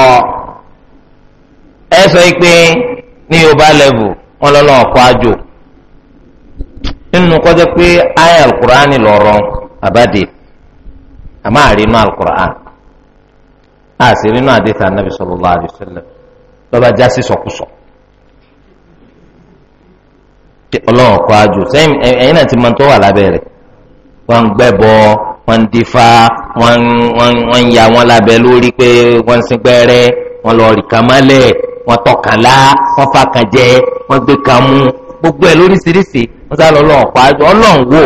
ẹ sọ pé ní yorùbá lẹ́bù wọn lọ́nà ọkọ̀ àjò nínú kọjá pé àyá al-Qur'ani lọ́rọ̀ àbádé àmọ́ àrínú alukur'an àṣírínú àdìsí anabi sallallahu alaihi wasallam lọ́ba jásí sọkúsọ. ọlọ́run kọ́ àjò sẹ́yìn ẹ̀yin náà ti máa tó wà lábẹ́ rẹ̀ wọ́n ń gbẹ́bọ wọ́n ń dífá wọ́n ń ya wọ́n lábẹ́ lórí pé wọ́n ń sin gbẹ́rẹ́ wọ́n lọ rì kan mọ́lẹ̀ wọ́n tọkànlá wọ́n fà kan jẹ wọ́n gbé kan gbogbo ẹ̀ lóríṣiríṣi wọ́n sá lọ ọlọ́run kọ́ àjò ọlọ́run wò.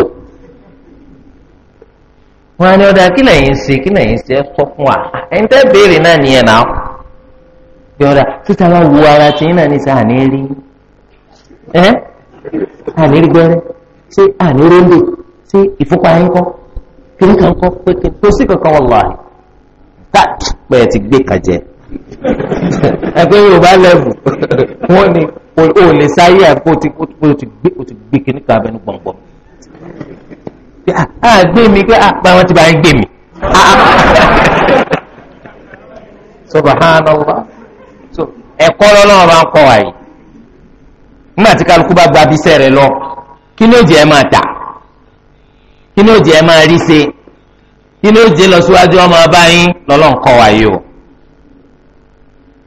wọn á ní ọdọ kí lẹ́yìn ṣe kí lẹ́yìn ṣe ẹ fún wa ẹni tẹ béèrè náà nìyẹn náà bí ọdọ títa bá wo ara tí yín náà ní sẹ àní rí ẹ àní rí gbẹrẹ ṣé àní ṣé yín kiri kan kọ́ pété kó sí kankan wọn lọ tá ti gbé yorùbá o lè sáyé àgbo tí o ti gbé pé à ah, ah, gbé mi pé à bá wọn ti bá yẹn gbé mi. Ah, Subhanallah so ẹ̀kọ́ lọ́lọ́run bá ń kọ́ wa yìí nígbà tí kálukú bá gba abisẹ́ rẹ lọ kí ni ó jẹ́ ẹ máa tà kí ni jẹ́ ẹ máa rí ṣe kí ni jẹ́ lọ ọmọ ọba lọ́lọ́run kọ́ wa yìí o.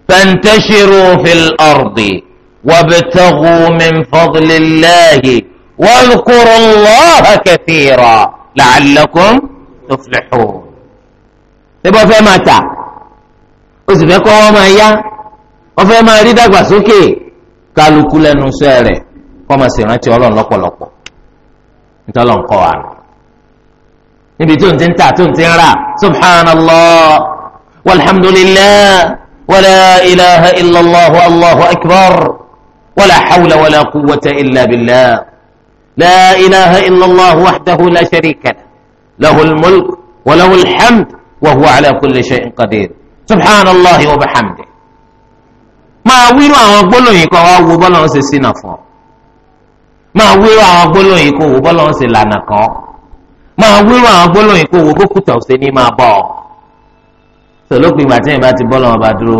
Fantashiru fil ardi wabtaghu min fadlillahi. واذكروا الله كثيرا لعلكم تفلحون تبقى في متى وسبقوا وما يا وفي ما ريد أقوى kálukú lẹ́nu iṣẹ́ rẹ̀ kó máa ṣèrántí Ọlọ́run lọ́pọ̀lọpọ̀ ntọ́lọ́ nkọ́ wa níbi tó ń ti ń tà tó ń ti ń rà subhanallah walhamdulillah wala ilaha illallah allahu akbar wala hawla wala quwwata illa billah. لا إله إلا الله وحده لا شريك له له الملك وله الحمد وهو على كل شيء قدير سبحان الله وبحمده máa wíru àwọn gbólóyìn kan wá wo bọ́lá ń ṣe sínà fún ọ máa wíru àwọn gbólóyìn kan wo bọ́lá ń ṣe lànà kan máa wíru àwọn gbólóyìn kan wo bókútà ọ̀sẹ̀ ní máa bọ̀ tòlópin ìgbà tí ìbá ti bọ́lá wọn bá dúró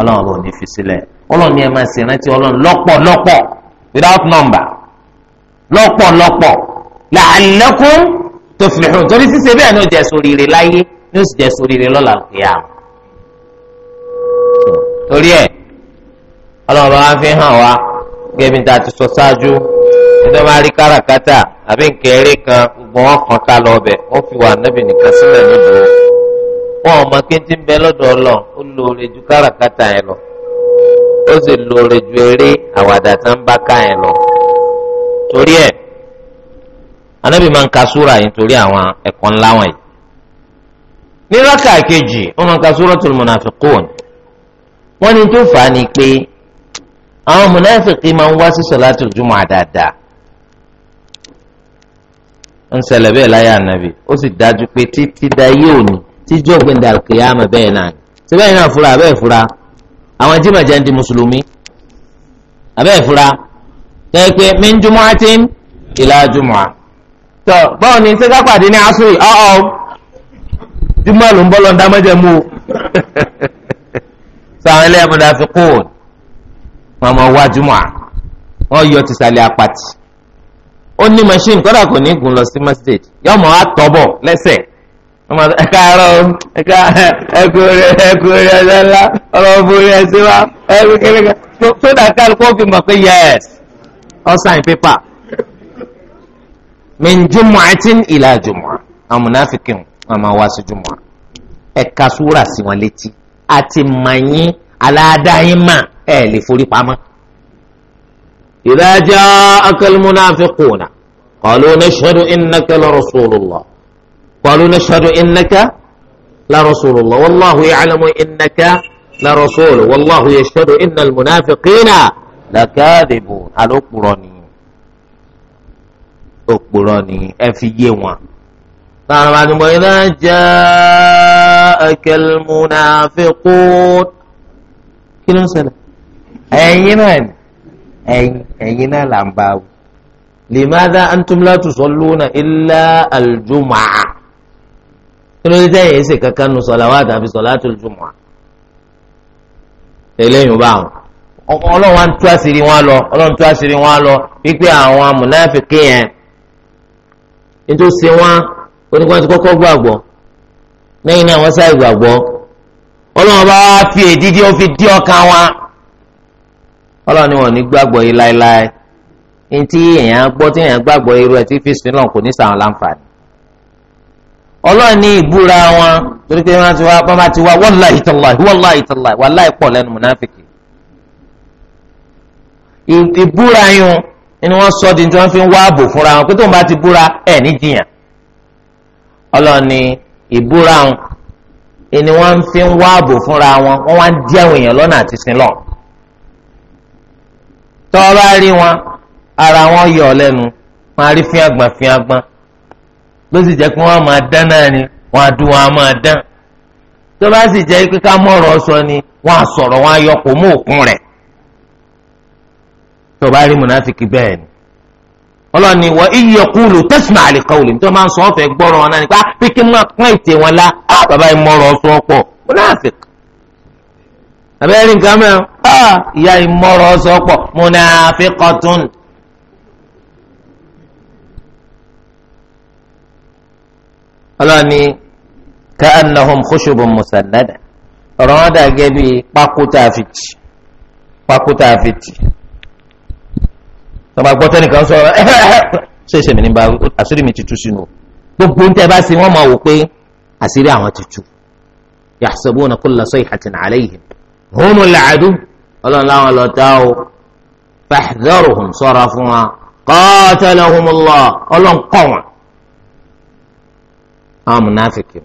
ọlọ́run ò ní fi sílẹ̀ ọlọ́run ni ẹ máa ṣèrántí ọlọ́run lọ́pọ̀ lọ́pọ̀ without number lọ́pọ̀lọpọ̀ la'allakum tuflihun torí ṣíṣe bẹ́ẹ̀ ni ó jẹ́ sóríire láyé ni ó sì jẹ́ sóríire lọ́la òkèèyà torí ẹ̀ ọlọ́run bá wá fi hàn wá gẹ́gẹ́ tá a ti sọ ṣáájú ẹjọ́ máa rí káràkátà àbí nkẹ́rẹ́ kan gbọ́n kan ká lọ ọbẹ̀ fi wà nábì nìkan sílẹ̀ níbo wọn ò mọ kéńtì ń bẹ lọ́dọ̀ ọlọ́run ó lóore ju káràkátà yẹn lọ ó sì lóore ju eré àwàdà tán bá ká yẹn lọ. torí ẹ̀ anabi máa ń ka súra yìí torí àwọn ẹ̀kọ́ ńlá wọ̀nyí ní rákà kejì ó máa ń ka súratul munafiqun wọ́n ní tó fà á ni pé àwọn munafiki máa ń wá sí salatul jumu'a dáadáa ń ṣẹlẹ̀ bẹ́ẹ̀ láyé ànábì ó sì dájú pé títí da yé òní tíjọ́ gbẹ̀ndà kìyàmù bẹ́ẹ̀ náà ṣé bẹ́ẹ̀ náà fura abẹ́ẹ̀ fura àwọn jimajẹ́ ń di mùsùlùmí abẹ́ẹ̀ fura yẹn pé min jumu'atin ila jumu'a. tọ báwo ni sẹ́ká pàdé ní asúrì ọ̀ọ́ jùmọ̀ ló ń bọ́ lọ́ndà mọ́jẹ̀mú o [LAUGHS] sàwọn ilé ẹ̀mọ́dà fi kú wọn mọ̀ wá jùmọ̀ wọn yọ tìsàlẹ̀ apàtì ó ní machine kọ́dà kò ní gùn lọ sí masjid yọ mọ̀ á tọ́bọ̀ lẹ́sẹ̀ ẹ̀ka ẹ̀rọ ẹ̀ka ẹ̀kú rẹ̀ ẹ̀kú rẹ̀ ẹ̀dá ńlá ọ̀rọ̀ ọ̀bùrẹ̀ ẹ̀sìn wa ẹ̀kú kẹ́kẹ́ tó dà kálukú ó fi mọ̀ pé yẹ́sì ọ̀sán pépà mẹ́njúmọ́ àti ìlà jùmọ́ àwọn mùnàfíkì wọn máa wá sí jùmọ́ ẹ̀ka súrà sí wọn létí àti mànyín aláàdáyín mà lè forí pamọ́. إذا جاءك المنافقون قالوا نشهد إنك لرسول الله قالوا نشهد إنك لرسول الله والله يعلم إنك لرسول والله يشهد إن المنافقين làkàdìbò alókùrọ̀ ni òkùrọ̀ ni ẹ fi yé wọn. فاعلم إذا جاءك المنافقون كيلو سنة أين أين أين لامباو لماذا أنتم لا تصلون إلا الجمعة كيلو سنة يسكا كانوا صلوات في صلاة الجمعة إليه بعض ọlọ́run wa ń tú àṣírí wọn lọ ọlọ́run tú àṣírí wọn lọ wípé àwọn amúnáfíkì yẹn nítòsí wọn oníkan ti kọ́kọ́ gbàgbọ́ lẹ́yìn náà wọ́n sáà gbàgbọ́ ọlọ́run bá wá fi èdídí ó fi dí ọkàn wọn ọlọ́run ni wọn ò ní gbàgbọ́ yìí láéláé ní tí èèyàn gbọ́ tí èèyàn gbàgbọ́ irú ẹ̀ tí fífi náà kò ní sàwọn láǹfààní ọlọ́run ní ìbúra wọn torí pé wọ́n ti wá wọ́n máa ti wá wallahi tallahi wallahi tallahi wallahi pọ̀ lẹ́nu mùnáfíkì ìbúra yun ni wọ́n sọ di tí wọ́n fi ń wá ààbò fúnra wọn pé tóun bá ti búra ẹ̀ ní jiyàn ìbúra wọn ni wọ́n fi ń wá ààbò fúnra wọn wọ́n wá ń dí àwọn èèyàn lọ́nà àti sinlọ tọ́ bá rí wọn ara wọn yọ lẹ́nu wọn á rí fíagbọ̀n fíagbọ̀n ló sì jẹ́ pé wọ́n máa dán náà ni wọ́n á dún wọn á máa dán tó bá sì jẹ́ pé ká mọ̀rọ̀ sọ ni wọ́n á sọ̀rọ̀ wọn á yọ kò mú òkun rẹ̀ tó bá rí munafiki bẹ́ẹ̀ ni ọlọ́ni wọ iye kúlù tẹ́sìmọ̀ àlìkọ́wùlì tó máa ń sọ ọ́fẹ́ gbọ́rọ̀ wọn náà nípa ah, pé kí wọ́n pọ́n ètè wọn la á ah, bàbá ìmọ̀ràn ọ̀sọ́ pọ̀ munafik abẹ́rẹ́ nǹkan mẹ́rin á ah, ìyá ìmọ̀ràn ọ̀sọ́ pọ̀ munafikọ́tún. ọlọ́ni ká anahum khushubun musannada ọ̀rọ̀ wọn dàgẹ́ bíi pákútà fìtì pákútà fìtì tọba gbọ́ tẹ́nìkan sọ̀rọ̀ ṣe ṣe mi ní ba àṣírí mi ti tú sínú gbogbo ń tẹ́ bá sí wọ́n máa wò pé àṣírí àwọn ti tú yahsabuna kulla sayhatin alayhim humul adu ọlọ́run láwọn lọ dá o fahdharuhum sọ̀rọ̀ fún wa qatalahumullah ọlọ́run kọ̀ wọ́n àwọn mùnáfìkì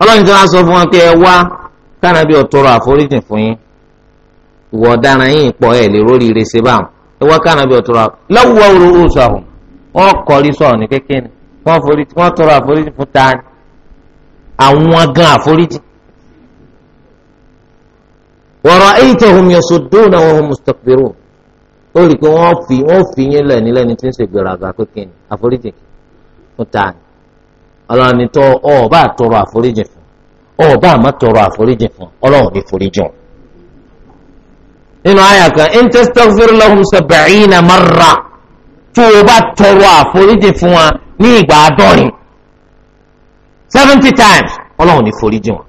ọlọ́run tí wọ́n sọ fún wọn pé ẹ wá kánàbí ọ̀tọ̀rọ̀ àforíjì fún yín ìwọ̀ ọ̀daràn yìí pọ̀ ẹ̀ lè rórí ire ṣe báwọn. ìwọ kànáà bí ọtọrọ lọ́wọ́ orúkọ ozu ahụ kọrí sọ̀rọ̀ ní kékeré wọ́n forí wọ́n tọrọ àforíjì fún tani àwọn gan àforíjì. wa ra'aytahum yasudduna wa hum mustakbirun ó rí i pé wọ́n fi wọ́n fi yín lẹ̀ nílẹ̀ tí ń ṣègbéraga kékeré àforíjì fún tani ọlọ́run ní tọ́ ọ̀ọ́ bá tọrọ àforíjì fún ọ̀ọ́ bá má tọrọ àforíjì fún ọlọ́run ní foríjì ọ̀hún. nínú àyà kan in tastaghfir lahum sab'ina marra tó o bá tọrọ àforíjì fún wa ní ìgbà àádọ́rin seventy times ọlọ́run ní foríjì wọn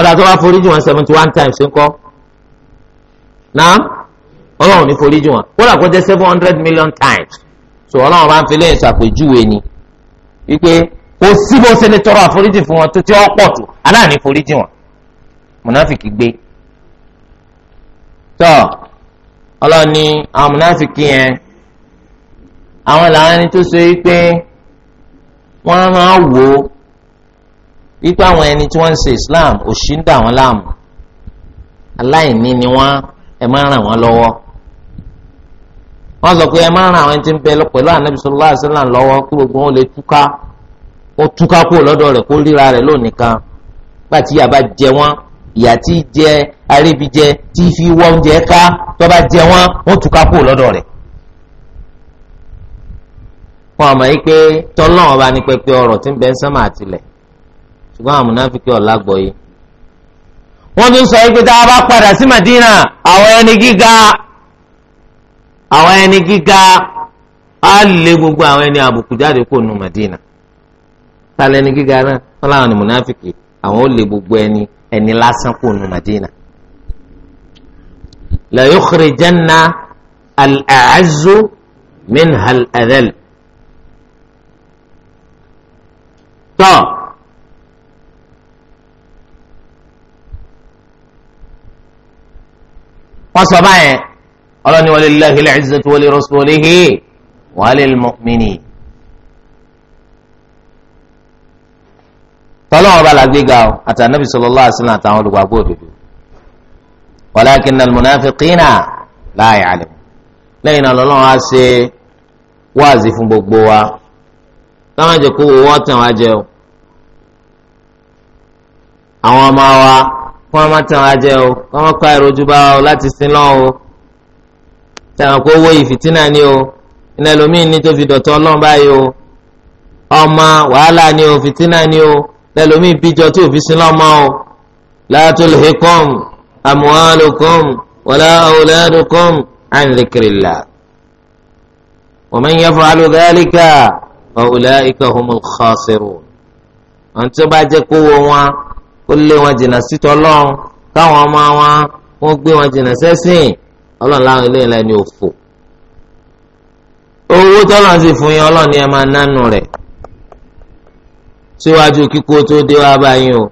ọ̀dà tó bá foríjì wọn seventy one times ńkọ́ náà ọlọ́run ní foríjì wọn wọ́n àkọ́jẹ́ seven hundred million times so ọlọ́run bá ń fi lẹ́yìn ṣàpèjúwe ni wípé kò sí bó ṣe lè tọrọ àforíjì fún wọn tó tí wọ́n pọ̀ tó aláàní foríjì wọn mùnáfìkì gbé tọ́ ọlọ́ni àwọn múnáfíkì yẹn àwọn làwọn ẹni tó ṣe wípé wọ́n máa wò ó wípé àwọn ẹni tí wọ́n ń ṣe Islam òṣì ń dà wọ́n láàmú aláìní ni wọ́n ẹ máa ràn wọ́n lọ́wọ́ wọ́n sọ pé ẹ máa ràn àwọn ẹni tí ń bẹ pẹ̀lú Ànábì sallallahu alaihi wasallam lọ́wọ́ kí gbogbo wọn lè túká ó túká kúrò lọ́dọ̀ rẹ̀ kó ríra rẹ̀ lónìí kan gbàtí yàrá jẹ wọ́n ìyà tí jẹ arébijẹ tí fi wọ oúnjẹ ká tó bá jẹ wọn ó túká kúrò lọ́dọ̀ rẹ̀. fún àmọ́ yìí pé tọ́lọ́run ọba ní pẹpẹ ọ̀rọ̀ tí ń bẹ ń sánmà àtìlẹ̀ ṣùgbọ́n àwọn yìí. wọ́n tún padà sí Madina àwọn ẹni gíga àwọn ẹni gíga á lé gbogbo àwọn ẹni àbùkù jáde kó nu Madina. ta lẹni gíga náà ni àwọn ó lè gbogbo ẹni ẹni lásán kò nu Madina. la yukhrijanna al-a'azzu minha al-adhall. tọ́ wọ́n sọ báyẹn ọlọ́ni walillahi al-izzatu wa li rasulihi wa lil mu'minin. tọ́lọ́wọ́n bá la gbéga o àtànàbì sallallahu alaihi wasallam àtàwọn olùgbàgbọ́ òdodo walakinna al-munafiqina la ya'lamu lẹ́yìn náà lọ́lọ́wọ́n á ṣe wáàzì fún gbogbo wa táwọn àjẹ kó wọ́n tàn wá jẹ o àwọn ọmọ wa kó wọ́n má tàn wá jẹ o kó wọ́n kọ́ àìrójú bá o láti sin lọ́wọ́ o tẹ̀wọ̀n kó owó ìfìtínà ni o ilẹ̀ ní tó fi dọ̀tọ́ ọlọ́run lẹ́lómi bíjọ tí òfin sin lọ́mọ o la tulhikum amwalukum wala awladukum an dhikrillah wa man yaf'alu dhalika fa ulaika humul khasirun àwọn tí ó bá jẹ́ kówó wọn kó lé wọn jìnnà sítọ́ lọ́n káwọn ọmọ wọn wọ́n gbé wọn jìnnà sẹ́sìn ọlọ́run láwọn ilé ìlànà òfò owó tọ́lọ́ sì fún yín ọlọ́run ni ẹ máa nánú rẹ̀ síwájú kíkú tó dé wá báyìí o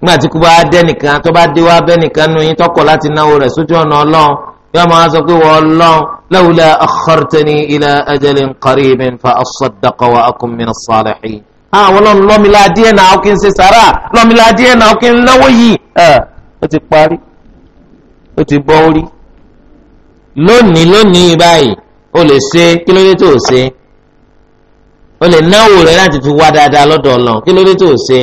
nígbà tí kú bá dẹ́nìkan tó bá dé wá bẹ́nìkan nu yín tọkọ̀ láti náwó rẹ̀ sójú ọ̀nà ọlọ́run yóò máa sọ pé wọ́n ọlọ́run lawla akhartani ila ajalin qaribin fa asaddaqa wa akun min as-salihin. Ah, àwọn ọlọ́run lọ́mìlá díẹ̀ náà kí n ṣe sàrà lọ́mìlá díẹ̀ náà kí n náwó yìí. ẹ ah, ó ti parí ó ti bọ́ orí lónìí lónìí báyìí o lè ṣe kí ló tó ṣe o lè náwó rẹ láti fi wá dáadáa lọ́dọ̀ ọlọ́run kí ló dé tó o ṣe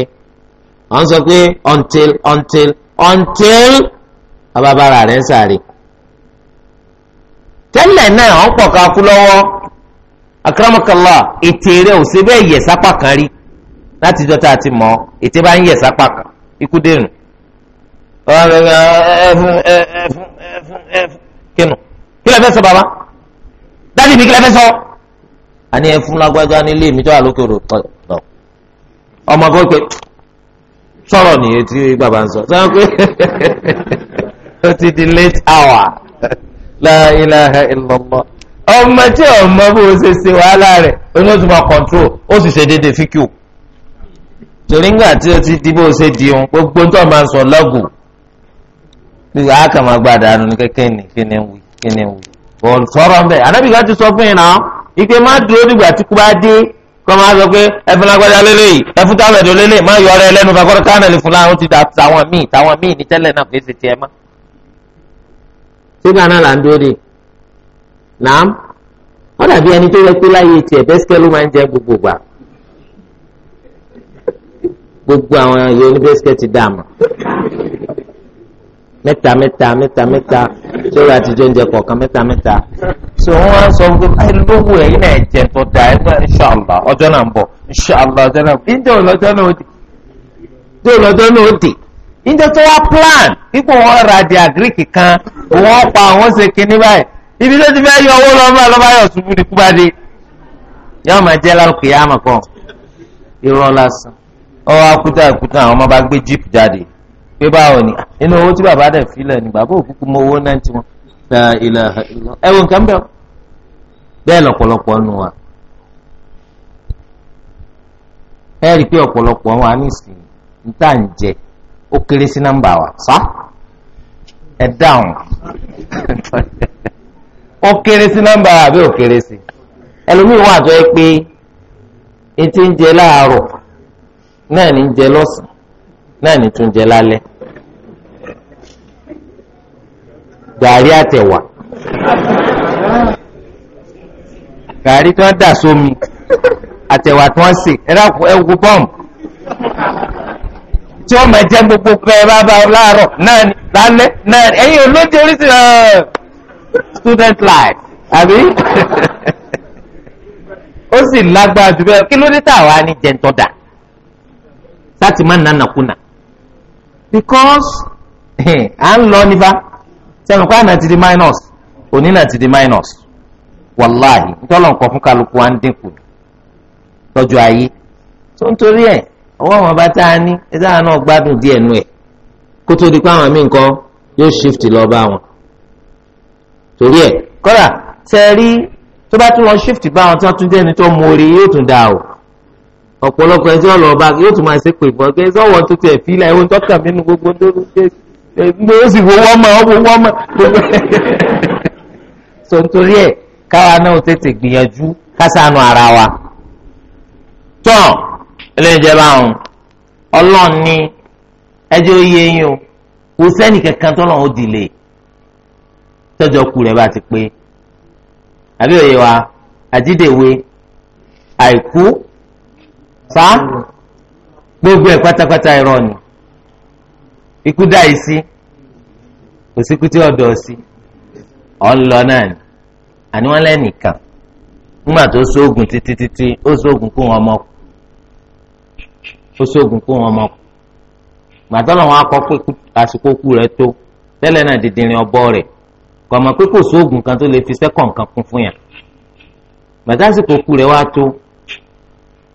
à ń sọ pé until until until ababara rẹ ń sàárè tẹ́lẹ̀ náà ọ̀ ń pọ̀ ká kú lọ́wọ́ akramakallah ètè rẹ ò ṣe bẹ́ẹ̀ yẹ̀ sápá kan rí láti jọta àti mọ́ ètè bá ń yẹ̀ sápá kan ikú dèrò ẹfun ẹfun ẹfun ẹfun kínú kí lè fẹ́ sọ bàbá dáàbì mi kí lè fẹ́ sọ àní ẹ fún lágbájá nílé mi tó wà lókè rò tọ̀ ọmọ kó pé sọ̀rọ̀ nìyẹn tí bàbá ń sọ sọ pé ó ti di late hour la ilaha illallah ọmọ tí ọmọ bó ṣe ṣe wàhálà rẹ̀ oní o tún máa control ó sì ṣe déédéé fíkìú torí ńgbà tí o ti di bó ṣe di ohun gbogbo tó máa ń sọ lọ́gùn nígbà á kà máa gbàdánù ní kékeré ní kíni wí kíni wí bọ́ọ̀lù sọ̀rọ̀ ń bẹ̀ anábìkan ti sọ fún yín náà ìpè má dúró dìgbà tí kú bá dé kọ́ máa sọ pé ẹfun lágbájá lélẹ́yìí ẹfun táwọn ẹ̀dọ́ lélẹ́yìí má yọ ọrẹ lẹ́nu fakọ́rọ́ káànà lè fún láwọn ti tàwọn míì tàwọn míì ní tẹ́lẹ̀ náà fèsì tiẹ̀ má. sígbà náà là ń dúró de nàám wọ́n dàbí ẹni tó yẹ pé láyé tiẹ̀ bẹ́sikẹ́ ló máa ń jẹ gbogbo gbà gbogbo àwọn yòó bẹ́sikẹ́ ti dà mọ́ mẹ́ta mẹ́ta mẹ́ta mẹ́ta lórí àtijọ́ oúnjẹ kọ̀ọ̀kan mẹ́ta mẹ́ta. so wọ́n wá sọ fún mi lówó ẹ̀yin náà jẹ́ tó da ẹ̀ gbọ́ inṣàlá ọjọ́ náà ń bọ̀ inṣàlá ọjọ́ náà ìjọ lọ́jọ́ náà ó dì ìjọ lọ́jọ́ náà ó dì ìjọ tó wá plan ipò wọn ra di àgíríkì kan wọ́n pa àwọn ṣe kinní báyìí ibi tó ti fẹ́ yọ owó lọ́mọ lọ́mọ ayọ̀ ṣubú ni kú bá dé yóò máa jẹ́ lálùkù yá àmọ̀ kan irọ́ lásán ọwọ́ akúta ìkúta àwọn ọmọ bá gbé jíìpù jáde pé báwo ni inú owó tí bàbá rẹ̀ filẹ̀ nígbà kó kúkú mọ owó náà tiwọn ta ilẹ̀ ẹ̀wọ̀n nǹkan bẹ́ẹ̀ bẹ́ẹ̀ lọ́pọ̀lọpọ̀ nù wa ẹ rí i pé ọ̀pọ̀lọpọ̀ wa ní ìsìn níta ń jẹ ó kéré sí nọ́mbà wa fa ẹ dáhùn ó kéré sí nọ́mbà wa àbí ó kéré sí ẹlòmíì wà tó yẹ pé etí ń jẹ láàárọ̀ náà ní ń jẹ lọ́sàn náà ní tún jẹ lálẹ́ gàrí àtẹ̀wà gàrí tí wọ́n dà sómi àtẹ̀wà tí wọ́n sè ẹ̀wù bọ́m tí wọ́n máa gbogbo pẹ́ bábá láàárọ̀ náà ní lálẹ́ náà ní ẹ̀yin olóde oríṣi student life àbí ó sì lágbára jù bẹ́ẹ̀ kí ló dé tá àwa ní jẹ́ ń tọ́ da láti má nànàkúnà. because à ń lọ nípa sẹ́mi kọ́ àná ti di minus òní ti di minus wàláhì ntọ́lọ̀ nǹkan fún kálukú wa ń dínkù lọ́jọ́ ayé tó ń torí ẹ̀ ọwọ́ àwọn bá tá a ní ẹ̀dá náà gbádùn díẹ̀ nú ẹ̀ kó tó di pé àwọn míì nǹkan yóò shift lọ bá wọn torí ẹ̀ kọ́ra tẹ́ rí tó bá tún wọn shift bá wọn tí wọ́n tún jẹ́ ẹni tó mú orí yóò tún dáa o. ọ̀pọ̀lọpọ̀ ẹni tí wọ́n lọ bá yóò tún máa ṣe pè fún ọ pé sọ́wọ́ tó tiẹ̀ fi ilà ẹ̀wọ̀n tọ́ka mínú gbogbo dóró gbé ó sì wọ́n mọ́ wọ́n wọ́n mọ́ gbogbo [LAUGHS] so nítorí ẹ̀ káwa náà tètè gbìyànjú kásánù ara wa. tọ́ ẹlẹ́jẹ̀ báwọn ọlọ́run ní ẹjẹ́ ó yín o kò sẹ́nì kankan tó ó dìlé tọ́jọ́ ku rẹ̀ bá ti pé àbí òye wa àjídèwe àìkú fa gbogbo ẹ pátápátá irọ́ ni ikú dá yìí sí kò síkú tí ọ̀dọ̀ sí ọ̀ ń lọ náà ni àní wọ́n nígbà tó sóògùn títí títí ó sóògùn wọn ó sóògùn wọn gbàtọ́ làwọn akọ pé àsìkò kú tó tẹ́lẹ̀ ọbọ pé kò sóògùn kan tó lè fi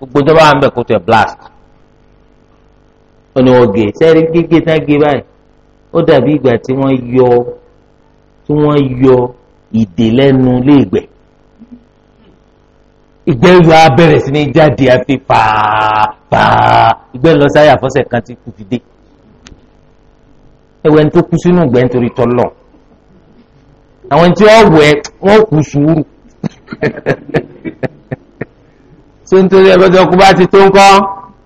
gbogbo tó bá wà ń bẹ̀ kó tẹ̀ blast òní ọ̀gẹ̀ e. sẹ́rí gégé tá gé báyìí ó dàbí ìgbà tí wọ́n yọ tí wọ́n yọ ìdè lẹ́nu léègbẹ́ ìgbẹ́ yọ abẹ́rẹ́ sí ní jáde àfi pàà pàà ìgbẹ́ lọ sáyà fọ́sẹ̀ kan ti kú ti dé ẹwẹ́ ní tó kú sínú ìgbẹ́ nítorí tọ́lọ̀ àwọn tí wọ́n wẹ̀ wọ́n kú sùúrù. [LAUGHS] tó ń torí ẹgbẹ́ tó kú bá ti tó ń kọ́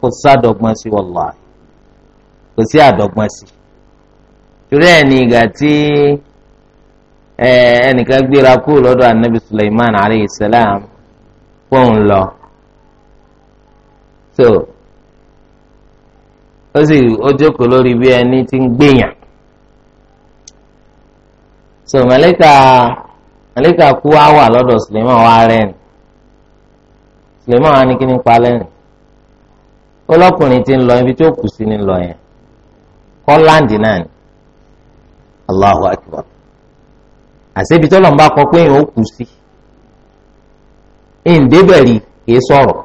kò sádọ́gbọ́n sí wallahi kò sí àdọ́gbọ́n sí. torí ẹ̀ ìgbà tí ẹnìkan gbéra kúrò lọ́dọ̀ anabi Sulaiman alayhi salam fóun lọ. so ó sì ó jókòó lórí bí ẹni tí ń gbèyàn. so màlíkà màlíkà kú wá wà lọ́dọ̀ Sulaiman wá rẹ́ni. le ma àwọn anìkíní pa ti ń lọ ibi tí ó kù sí ni lọ yẹn kọ́ńláǹdì náà ni Allahu Akbar àṣebi tọ́lọ̀ ń bá kọ pé ó kù sí ìǹdébẹ̀rì kìí sọ̀rọ̀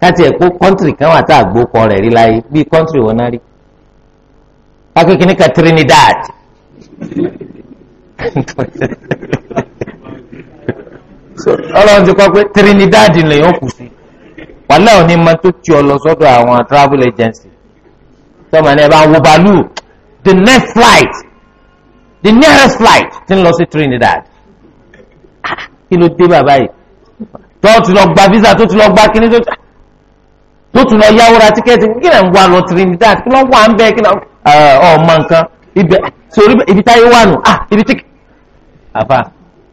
káti ẹ̀ kó kọ́ńtìrì kan wà tá a gbó [LAUGHS] ọlọ́run ti kọ́ pé Trinidad lèyàn kù sí wàhálà òní máa tó ti ọ lọ sọ́dọ̀ àwọn travel agency sọ́mọ ní ẹ bá ń wo bàálù the next flight the nearest flight ti ń lọ sí Trinidad ah, kí ló dé bàbá yìí tó ti lọ gba visa tó ti lọ gba kíní tó ti ah, tó tún lọ yáwó ra tíkẹ́ẹ̀tì kí lè ń wá lọ Trinidad kí ló wà ń bẹ́ẹ̀ kí ló ah, ọmọ nǹkan ibi táyé wà nù ibi tí àfa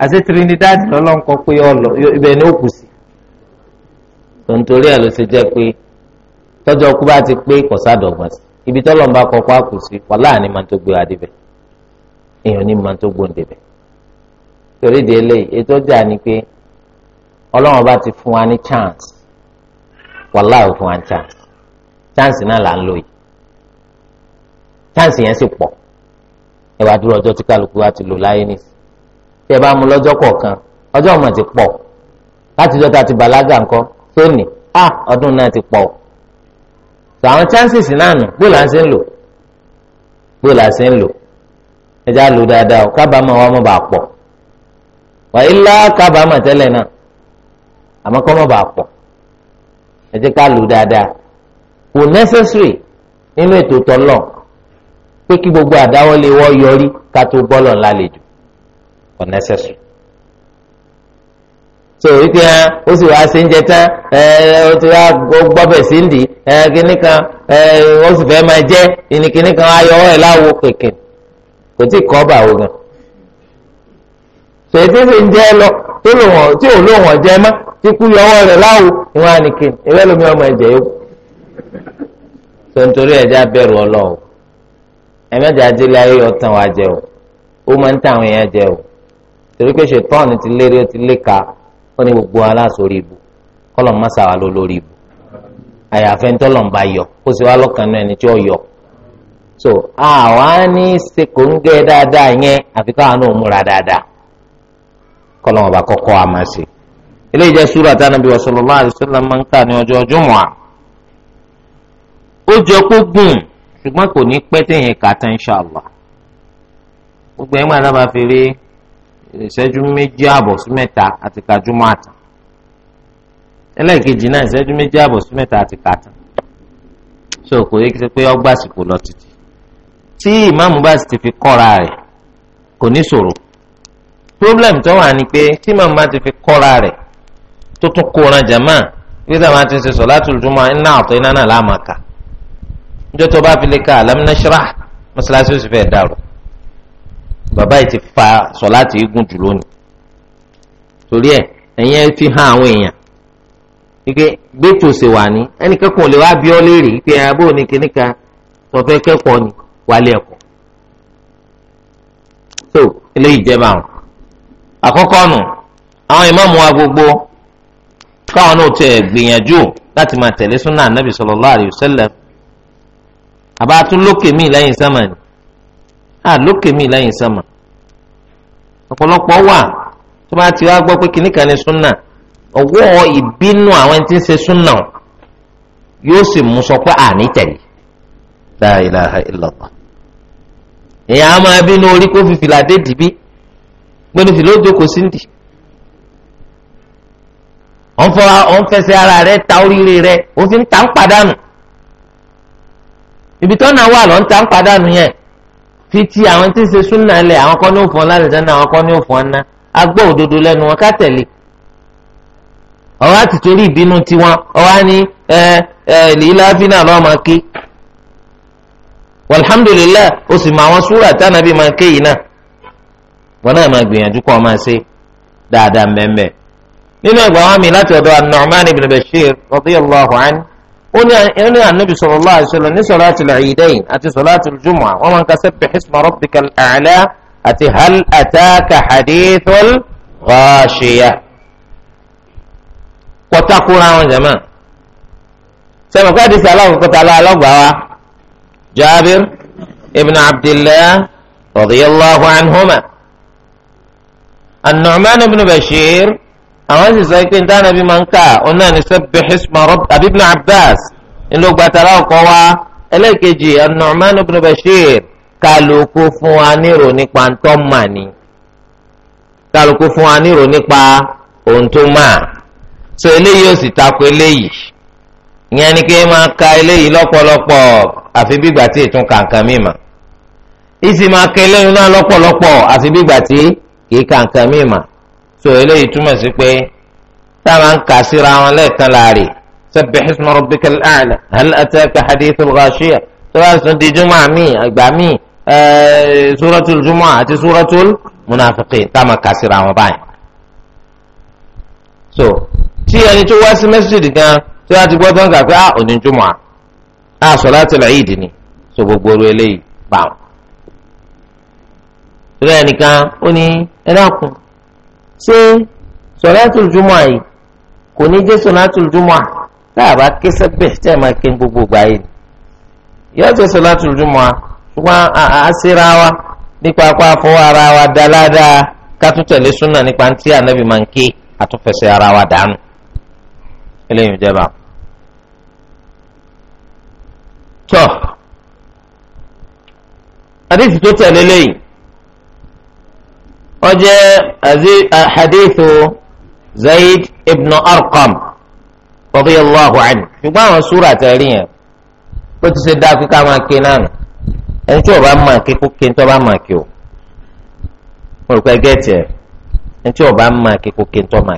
àti Trinidad lọ́lọ́nkọ pé ọlọ ibẹ̀ ni ó kù sí tontori ẹ̀ ló ṣe jẹ́ pé tọ́jọ́ ọkú bá ti pé kọ̀sádọ̀gbọ̀n sí ibi tọ́lọ̀ ń bá kọ́kọ́ àkù sí wàhálà ni màá tó gbé wa débẹ̀ èèyàn ni màá tó gbóǹde bẹ̀ torí de eléyìí ètò ọjà ni pé ọlọ́run bá ti fún wa ní chance wàhálà ò fún wa ní chance chance náà là ń lò yìí chance yẹn sì pọ̀ ẹ wá dúró ọjọ́ tí kálukú wa ti lò láyé nìsí tẹ́ bá mu lọ́jọ́ kọ̀ọ̀kan ọjọ́ ọmọ ti pọ̀ láti jọ́ta ti bàlágà ńkọ́ sóní a ah, ọdún náà ti pọ̀ so àwọn chances náà nù bó làá ṣe ń lò bó làá ṣe ń lò ẹja lò dáadáa kábàámọ̀ wa mọ̀ bá pọ̀ wàyí lá kábàámọ̀ tẹ́lẹ̀ náà àmọ́ kọ́ mọ̀ bá pọ̀ ẹ jẹ́ ká lò dáadáa kò necessary nínú ètò tọ́lọ̀ pé kí gbogbo àdáwọ́lé wọ́ yọrí ká tó bọ́lọ̀ ńlá lè jù unnecessary so wípé ẹ ó sì wáá ṣe ń jẹ tán ẹ ó ti wá sí ń dì ẹ kan ẹ ó sì fẹ́ máa jẹ́ ìní kan ayọ̀ ẹ̀ láwo kèké kò tí kọ́ bà ogun. tètè sì ń jẹ́ lọ tí ò lóun ọ̀jẹ́ mọ́ tí kú yọwọ́ rẹ̀ láwo ìwọ̀n ànìkè ìwé lómi ọmọ ẹ̀jẹ̀ o ó máa ń torí pé ṣètọ́ọ̀n ti léré ti léka ó ní gbogbo aláṣọrí ibù kọ́lọ̀ má sàwà ló lórí ibù àyàfẹ́ ń tọ́lọ̀ ń bá yọ kó sì wá lọ́kàn náà ẹni tí ó yọ so àwa ní ṣe kò ń gẹ́ dáadáa yẹn àfi káwọn náà múra dáadáa kọ́lọ̀ wọn bá kọ́kọ́ àmà sí ilé ìjẹ́ súrà tánàbí wa sallallahu alaihi wasallam máa ń kà ní ọjọ́ jùmọ̀ à ó jọ kó gùn ṣùgbọ́n kò ní pẹ́ téèyàn kà tán gbogbo ẹ̀ máa dábàá fi rí ìṣẹ́jú méjì ààbọ̀ sí mẹ́ta àti kàjúmọ́ àtà ẹlẹ́ẹ̀kejì náà ìṣẹ́jú méjì ààbọ̀ sí mẹ́ta àti kàtà so kò yẹ kí pé ọgbà lọ títí tí ìmáàmù bá ti fi kọ́ra rẹ̀ kò ní ṣòro problem tó wà ní pé tí ìmáàmù bá ti fi kọ́ra rẹ̀ tó tún kóran jàmáà bí táwọn ti ń ṣe solatul jumu'a iná àtọ̀ iná náà láàmà kà níjọ́ tó bá fi lè ka alam mọ́ṣáláṣí ó sì fẹ́ dàrú bàbá yìí ti fa sọ̀láàtì igun jù lónìí torí ẹ̀ ẹ̀yin ẹ fi hàn àwọn èèyàn wípé gbẹ́tò ṣe wà ní ẹnìkan kò lè wá bí ọ léèrè wípé abó ah, ni kíní kan tọ́fẹ́ kẹ́kọ̀ọ́ ni wálé ẹ̀kọ́ so ilé ìjẹba àwọn àkọ́kọ́ nù àwọn ìmáàmù wa gbogbo káwọn náà tẹ gbìyànjú láti máa tẹ̀lé súnà anábì sallallahu àbá tún lókè míì lẹ́yìn sámánì àlókè mi lẹ́yìn sánmà ọ̀pọ̀lọpọ̀ wà tó bá ti wá gbọ́ pé ni súnà ọwọ́ ìbínú àwọn tí ń ṣe súnà yóò sì mú sọ pé àní tẹ̀lé la ilaha èèyàn á máa bínú orí kó fi fìlà dìbí gbẹ́nu ara ta oríire rẹ̀ òfin ta ń ibi tó náà wà lọ́n títí àwọn tí ń ṣe súnà lẹ̀ àwọn kan ní òfò ọ̀nà àlùjáná àwọn kan ní òfò ọ̀nà agbọ́ òdodo lẹ́nu wọn ká tẹ̀lé ọwọ́ àti torí ìbínú tiwọn ọwọ́ ní ẹ ẹ lílá fínà lọ́ọ́ máa ké walhamdulillah o sì mọ àwọn súrà tánàbí máa ké yìí náà wọn náà máa gbìyànjú kọ́ máa ṣe dáadáa mbẹ́mbẹ́ nínú ẹgbàá wa mi láti ọ̀dọ̀ an-Nu'man ibn Bashir radiyallahu anhu هنا النبي صلى الله عليه وسلم صلاة العيدين أتي صلاة الجمعة ومن كسبح اسم ربك الأعلى أتي هل أتاك حديث الغاشية وتقول عن زمان سمع قادي صلى قلت عليه وسلم جابر ابن عبد الله رضي الله عنهما النعمان بن بشير àwọn sì sọ pé níta nàbí máa ń kà òun náà ní sẹ́pẹ̀ hisma rọ́b àbí ibn abbas ńlọ gbàtàrà ọkọ wa ẹlẹ́ẹ̀kejì an-Nu'man ibn Bashir kálukú fún wa nírò nípa ntọ́ mà ní kálukú fún wa nírò nípa ohun tó mà so eléyìí ò sì takò eléyìí ìyẹn ni kí máa ka eléyìí lọ́pọ̀lọpọ̀ àfi bígbà tí ètò kàǹkàn mi ìsì máa ka eléyìí náà lọ́pọ̀lọpọ̀ àfi bígbà tí kì í kàǹkàn mi so eléyìí túmọ̀ sí pé táwọn ń kà síra wọn lẹ́ẹ̀kan láàrin sabbih isma rabbikal a'la hal ataka hadithul ghashiya tó bá sùn di jùmọ̀ àmì àgbà mi suratul jùmọ̀ àti suratul munafiqin táwọn kà síra wọn báyìí. so tí ẹni tó wá sí mẹ́sídìí gan tí wọ́n ti gbọ́ tán kà pé à ah, òní jùmọ̀ à salatul eid ni so gbogbo oru eléyìí bá wọn. torí ó ní ẹ dákun ṣé sọ̀látùl júmọ̀ yìí kò ní jẹ́ sọ̀látùl júmọ̀ láàbá ké sẹ́bẹ̀ tẹ́ ẹ̀ máa ké gbogbo ìgbà yìí yóò jẹ́ sọ̀látùl júmọ̀ ṣùgbọ́n àṣírà wa nípa apá fọwọ́ ara wa dá ládàá ká tún tẹ̀lé súnà nípa ntí وجاء حديث زيد ابن أرقم رضي الله عنه شبان سورة تالية قلت سيداك كما كنان ẹni tí o bá máa ké kó ké ní tó bá máa o mo rò pé gẹ́tì ẹni o bá máa tó máa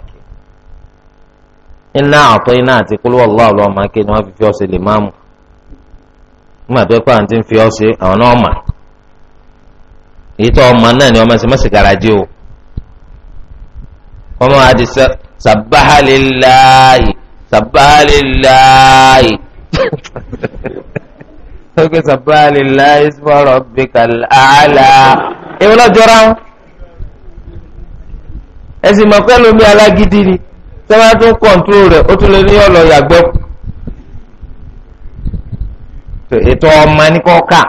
iná iná àti kúlú ni fi fi lè máa nígbà tó àwọn ń fi èyí tó ọmọ náà ni ọmọ ẹsẹ mọ́sẹ̀ garaje o ọmọ àti sàbáhálélàáyì sàbáhálélàáyì sọ́kè sàbáhálélàáyì sọ́rọ̀ bíkàlà àlà ìwọ lọ́jọ́ra wọn ẹ̀sìn mọ̀ pẹ́ lómi alágídí ni tẹ́wọ́n tó ń kọ̀ǹtúrò rẹ̀ ó tún lè ní ọ̀lọ́ yàgbẹ́ ètò ọmọ ní kọ́ ká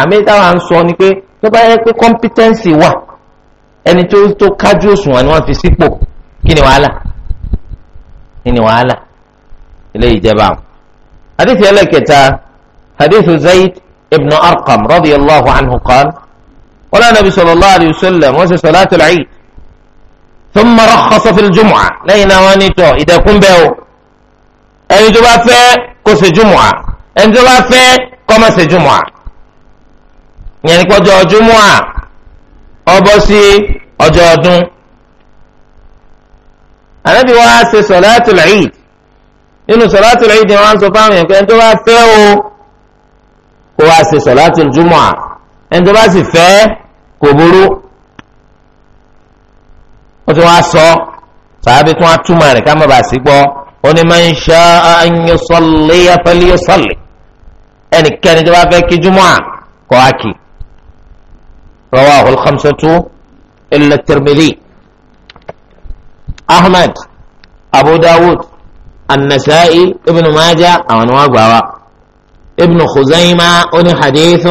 àmì táwa ń sọ ni pé tó bá yẹ pé kọ́mpítẹ́ǹsì wà ẹni tó tó kájú òṣùwọ̀n ni wọ́n fi sípò kí ni wàhálà kí ni wàhálà eléyìí jẹba àwọn. hadithi ẹlẹ́kẹta hadithu Zayd ibn Arqam radiyallahu anhu qala wala nabi sallallahu alayhi wa sallam wọ́n ṣe salatul Eid thumma rakhkhasa fil jumu'ah lẹ́yìn náà wọ́n ní tọ́ ìdẹ̀kùn bẹ́ẹ̀ o ẹni tó bá fẹ́ kó ṣe jumu'ah ẹni tó bá fẹ́ kó ìyẹn ní kọjọ júmọ́à ọbọ̀ sí ọjọ́ ọdún ànábì wa ṣe sọ̀láàtùl Eid nínú sọ̀láàtùl Eid ni wọ́n sọ fáwọn èèyàn pé ẹni tó bá fẹ́ o kó wá ṣe sọ̀láàtùl júmọ́à ẹni tó bá sì fẹ́ kò burú ó ti wá sọ sàábì tí wọ́n á túmọ̀ rẹ̀ ká má bàa sí gbọ́ ó ní man sha'a an yusalli falyusalli ẹnikẹ́ni tó bá fẹ́ kí júmọ́à kọ́ á kì í. رواه الخمسة إلا الترمذي أحمد أبو داود النسائي ابن ماجة أو نواقبوا ابن خزيمة أني حديث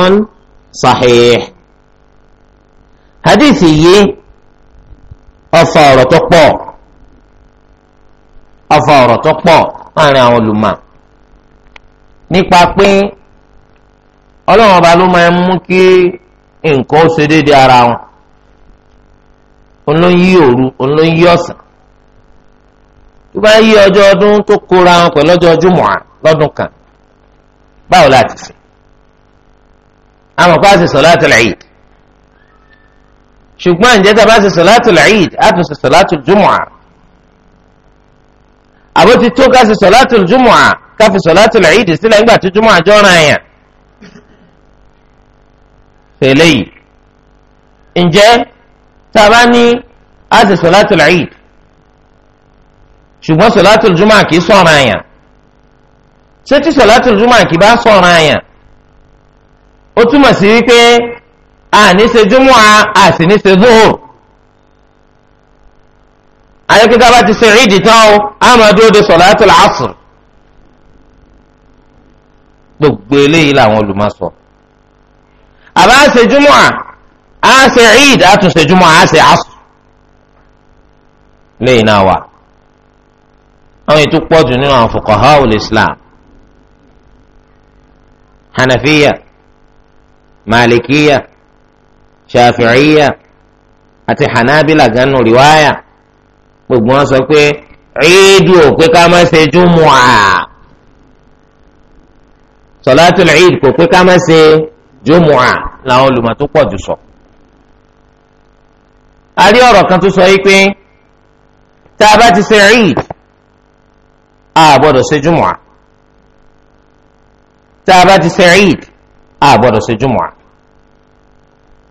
صحيح حديثي أفار تقبو أفار تقبو أنا أقول ما nípa pé ọlọ́run ọba ló máa ń mú kí nǹkan ó ṣe déédéé ara wọn olóyún yí òru olóyún yí ọ̀sán tó bá yí ọjọ́ ọdún tó kóra wọn pẹ̀lú ọjọ́ jùmọ̀ lọ́dún kan báwo láti sè àmọ́ pa ṣe sọ̀láàtul Eid ṣùgbọ́n ǹjẹ́ tá a bá ṣe sọ̀láàtul Eid á tún ṣe sọ̀láàtul jùmọ̀ àbótí tó ká fi tẹ̀lé yìí ǹjẹ́ tá a bá ní a ṣe sọ̀látùl Eid ṣùgbọ́n sọ̀látùl Jum'a kì í sọ̀ràn àyàn ṣé tí sọ̀látùl Jum'a kì í bá sọ̀ràn àyàn ó túmọ̀ sí wípé a ní ṣe Jum'a a sì ní ṣe Zuhur ayọ́kẹ́kẹ́ bá ti ṣe Eid tán o a de sọ̀látùl Asr gbogbo eléyìí làwọn olùmọ̀ sọ̀rọ̀ àbá ṣe júmọ̀ à á ṣe eid á tún ṣe júmọ̀ à á ṣe asù lẹ́yìn náà wà àwọn ètò pọ̀jù nínú àwọn fuqaha ul islam hanafiya malikiya shafi'iya àti hanabila ganu riwaya gbogbo wọn sọ pé ciidu ò pé ká má ṣe júmọ̀ à sọláàtúl ciid kò pé ká má ṣe jùmùà làwọn olùmọ̀ tó pọ̀ jù sọ. a rí ọ̀rọ̀ kan tó sọ yìí pé tá a bá ti ṣe eid a gbọ́dọ̀ ṣe jùmùà tá a bá ti ṣe eid a gbọ́dọ̀ ṣe jùmùà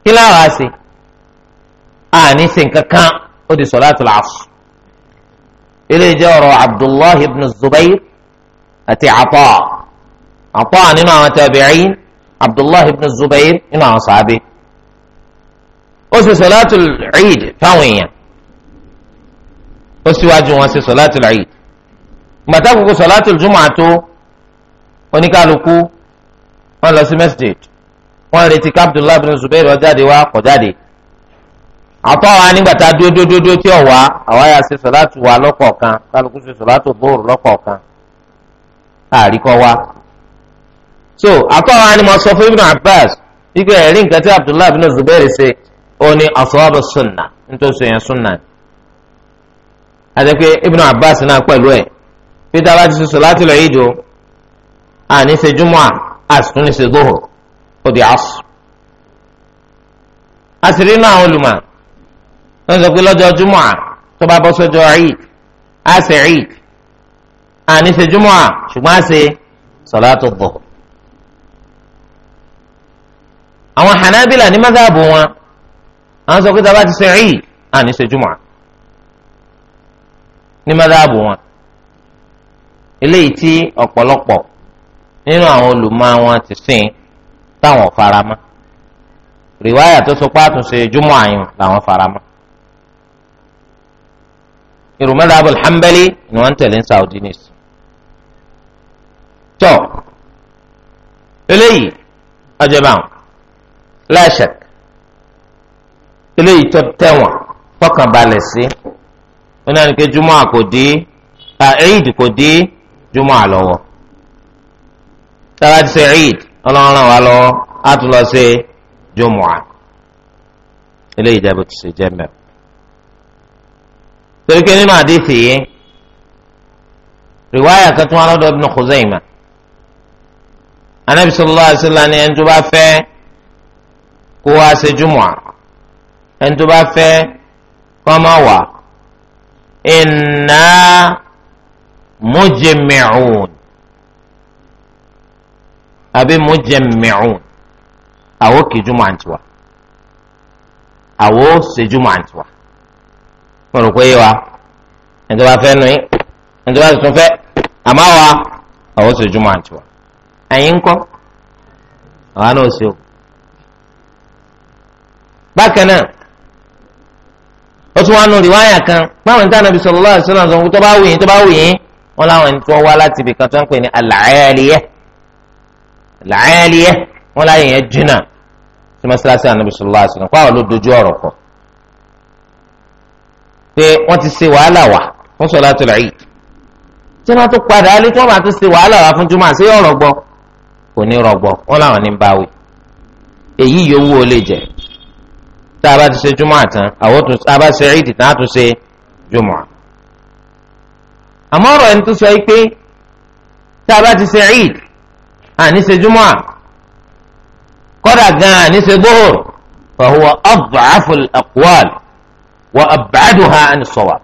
kí láwọn á ṣe a ní ṣe nǹkan ó di sọ̀láàtù làásù ilé jẹ́ ọ̀rọ̀ abdullahi ibn zubair àti Ata Ata nínú àwọn tabi'in abdullahi ibn zubair nínú àwọn sàábé ó ṣe sọláàtù eid fáwọn èèyàn ó síwájú wọn ṣe sọláàtù eid gbàtà kókó sọláàtù jùmọ̀ àtó oníkálukú wọn lọ sí masjid wọn retí ká abdullahi ibn zubair ó jáde wá kò jáde àtọ́ wa nígbà tá a dúró dúró dúró tí ò wá àwa yà ṣe sọláàtù wa lọ́kọ̀ọ̀kan kálukú ṣe sọláàtù bóòrù wa. so àfọwọ́ ni mo sọ fún ibùdó abbas wípé ẹ̀rí nǹkan tí abdullahi ibn zubair ṣe ó ní asọ́ọ́bù sunna nítòsí yẹn sunna àti pé ibùdó abbas náà pẹ̀lú ẹ̀ peter abá ti sọ láti lọ ìdò àní ṣe júmọ́ àsìtún ní ṣe di asù. àṣírí náà àwọn olùmọ̀ wọ́n sọ pé lọ́jọ́ júmọ́ tó bá bọ́ sọ́jọ́ eid àwọn hanabila ní mazhabu wọn àwọn sọ pé tá a bá ti ṣe ẹ̀yìn à ní ṣe jùmọ̀ ní mazhabu wọn eléyìí tí ọ̀pọ̀lọpọ̀ nínú àwọn olùmọ̀ wọn ti sìn táwọn faramọ́ rìwáyà tó sọ pé àtúnṣe jùmọ̀ àyùn làwọn faramọ́ irú mazhabu al ni wọ́n ń ní Saudi nìsí tọ́ eléyìí ọjọ́ láṣak eléyìí tó tẹ̀wọ̀n fọkànbalẹ̀ sí wọn náà ní pé júmọ́ àkò dé ẹ̀ẹ́d kò dé júmọ́ àlọ́wọ́ táwa ti ṣe ẹ̀ẹ́d ọlọ́run ràn wá lọ́wọ́ á tún lọ sí júmọ́ à eléyìí jábọ̀ tó ṣe jẹ́ mẹ́rin torí pé nínú àdéhìí yìí rìwáyà kan tún wà lọ́dọ̀ Ibn Khuzaimah anabi sallallahu alaihi wasallam ni ẹni tó bá fẹ́. kó wá ṣe jùmọ̀ ẹni tó bá fẹ́ kọ́ máa wà inna mujmi'un àbí mujmi'un àwọ̀ kì í jùmọ̀ àwọ̀ rò pé wa ẹni tó bá fẹ́ nu wa àwọ̀ ẹ̀yin kọ́ bákan náà ó tún wá nu rìwáyà kan báwọn níta nàbí sọlọ lọ́wọ́ àti sọlọ́wọ́ tó bá wù yín tó bá wù yín wọn láwọn ẹni tó wá láti ibìkan tó ń pè ní àlàyéliyẹ àlàyéliyẹ wọn láyé yẹn jìnnà tí sọlọ lọ́wọ́ ló dojú ọ̀rọ̀ kọ pé ti se wàhálà wà fún sọlá tó lọ́ọ́ yìí tí wọ́n tún padà alẹ́ tí wọ́n bá tá a bá ti ṣe júmọ́ àtàn àwọn tó tá a bá ṣe ìdì tá a tó ṣe júmọ́. àmọ́ ọ̀rọ̀ ẹni tó sọ yìí pé tá a bá ti ṣe ìdì àní ṣe júmọ́ à kọ́dà gan-an àní ṣe gbóhùn fahuwa ad'afu al-aqwal wa ab'aduha an as-sawab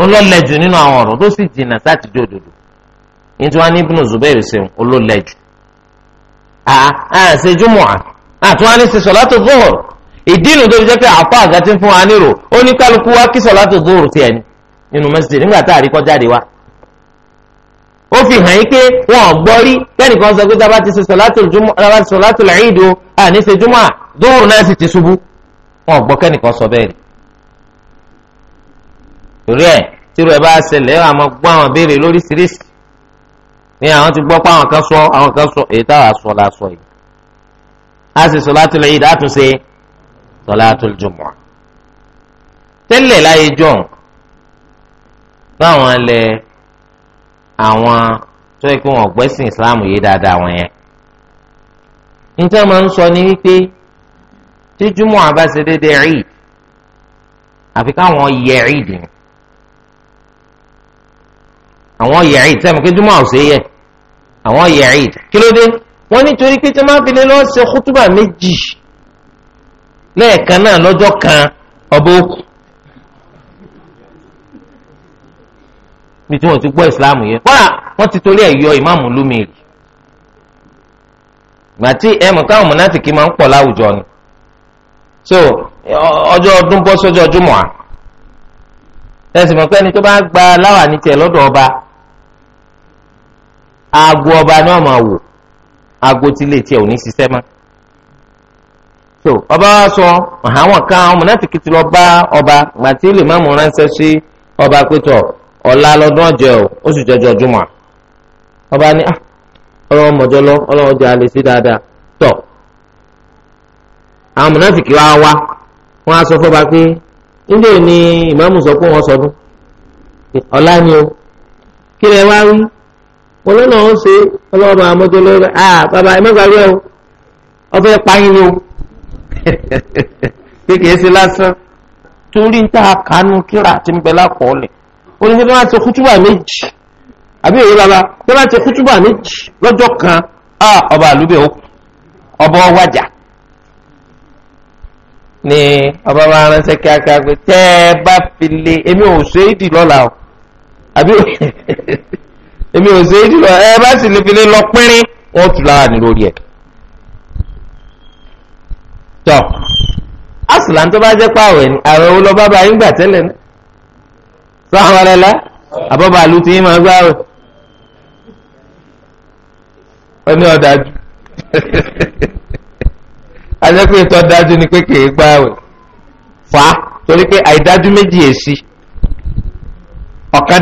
olólẹ́jù nínú àwọn ọ̀rọ̀ tó sì jìnnà sáti di òdodo nítorí wọn ní ibùnú Zubair ṣeun olólẹ́jù. àà àṣejúmọ̀ àtúwọ́n ní ṣe sọ̀látù zuhur ìdí inú tó fi jẹ́ pé àfa àga ti ń fún wa nírò ó ní kálukú wa kí sọ̀látù zuhur tiẹ̀ ni nínú mẹ́sìtì nígbà tá a rí kọjáde wa. ó fi hàn yín pé wọn ò gbọ́ rí kẹ́nìkan sọ pé tábà ti ṣe sọ̀látù lẹ́yìn o à ní ṣe júmọ́ zuhur náà sì ti ṣubú wọn ò gbọ́ kẹ́nìkan sọ bẹ́ẹ̀ rí. torí ẹ̀ tírú ẹ bá ṣẹlẹ̀ àmọ́ gbọ́ àwọn béèrè lóríṣiríṣi ní àwọn ti gbọ́ pé àwọn kan sọ àwọn kan sọ sọláàtú jùmọ̀ tẹ́lẹ̀ láyé jọ̀hún báwọn lẹ àwọn tó yẹ kí wọ́n gbẹ́sìn islam yìí dáadáa wọn yẹn níta máa ń sọ ni wípé tí jùmọ̀ àbá ṣe déédéé rí àfi káwọn yẹ rí dì ní àwọn yẹ rí sẹ́mi pé jùmọ̀ àwòṣe yẹ àwọn yẹ rí kí ló dé wọ́n nítorí pé tí wọ́n máa fi lé lọ́ọ́ ṣe kútúbà méjì. lẹ́ẹ̀kan náà lọ́jọ́ kan ọba òkú bí tí wọ́n ti gbọ́ ìsìláàmù yẹn kọ́ra wọ́n ti torí ẹ̀ yọ ìmáàmù lómi rì gbàtí ẹ̀mú káwọn mọ̀nàtìkì máa ń pọ̀ láwùjọ ni so ọjọ́ ọdún bọ́ sọ́jọ́ jùmọ̀ à ẹ̀sìn mọ̀pẹ́ ni tó bá gba láwà ní tiẹ̀ lọ́dọ̀ ọba aago ọba ni wọ́n máa wò aago tí ilé tiẹ̀ ò ní ṣiṣẹ́ mọ́. so ọba wa sọ àwọn kan àwọn lọ bá ọba gbàtí lè má mú sí ọba pétọ̀ ọla lọ́dún ọjọọ o jọjọ ọba ni ah, lọ sí dáadáa àwọn wa wá á sọ fọba ni ìmáàmù sọ pé wọ́n sọdún ọ̀la ni o kí lẹ wá rí ọlọ́nà ṣe lọ́wọ́ pé kìí ṣe lásán torí ń tà kánú kíra ti ń bẹ lákọọ́lẹ̀ oníṣẹ́ tó máa ṣe kútúbà méjì àbí èyí kútúbà méjì kan ọba àlùbẹ̀ ó ọba ọwájà ni ọba bá ránṣẹ́ kíákíá pé tẹ́ ẹ bá fi lé èmi o àbí èmi ò ṣe é dì ẹ bá sì lè fi tọ asùlán tó bá jẹ́ pààwẹ̀ ni ààrẹ wo lọ bá ba yín gbà tẹ́lẹ̀ ní sọ àwọn ọlẹ́lá àbọ̀bà àlù tí yín máa gbá rẹ̀ ó ní [LAUGHS] ni pé kì í gbá fà á torí pé àìdájú méjì èsì ọ̀kan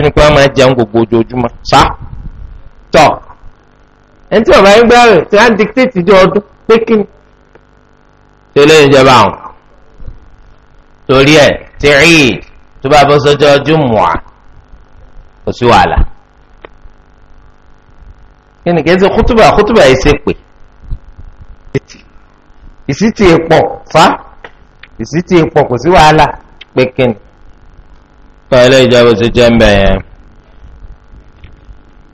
ni pé gbogbo ojoojúmọ́ sá tọ! ẹni tí yín tí pé kí ni. tẹ́lẹ̀ ń jẹba àwọn torí ẹ̀ ti Eid tó bá bọ́ sọ́jọ́ jùmùà kò sí wàhálà. kí ni kẹ́sì kútùbà kútùbà yìí ṣe pè ìsítì pọ̀ fa ìsítì pọ̀ kò sí wàhálà pé kí ìjọba ṣe ń bẹ̀ yẹn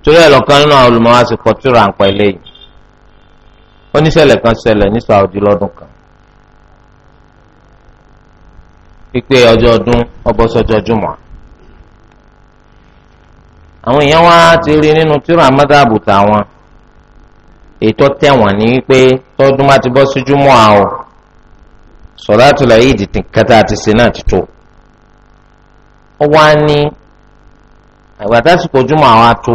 torí ẹ̀ lọ́kàn nínú àwọn olùmọ̀wá sì ń pẹ́ lẹ́yìn oníṣẹ̀lẹ̀ kan ṣẹlẹ̀ ní Saudi lọ́dún kan pípé ọjọ́ ọdún ọbọ̀sọjọ́ jùmọ̀ àwọn èèyàn wá ti rí nínú tírà mọ́tàbù tàwọn ètò tẹ̀wọ̀n ní wípé tọ́dún má ti bọ́ sí jùmọ̀ àwọ̀ sọ̀láàtù làyíd kẹta àti sinà ti ó wá ní àgbàdásìkò jùmọ̀ àwọn ato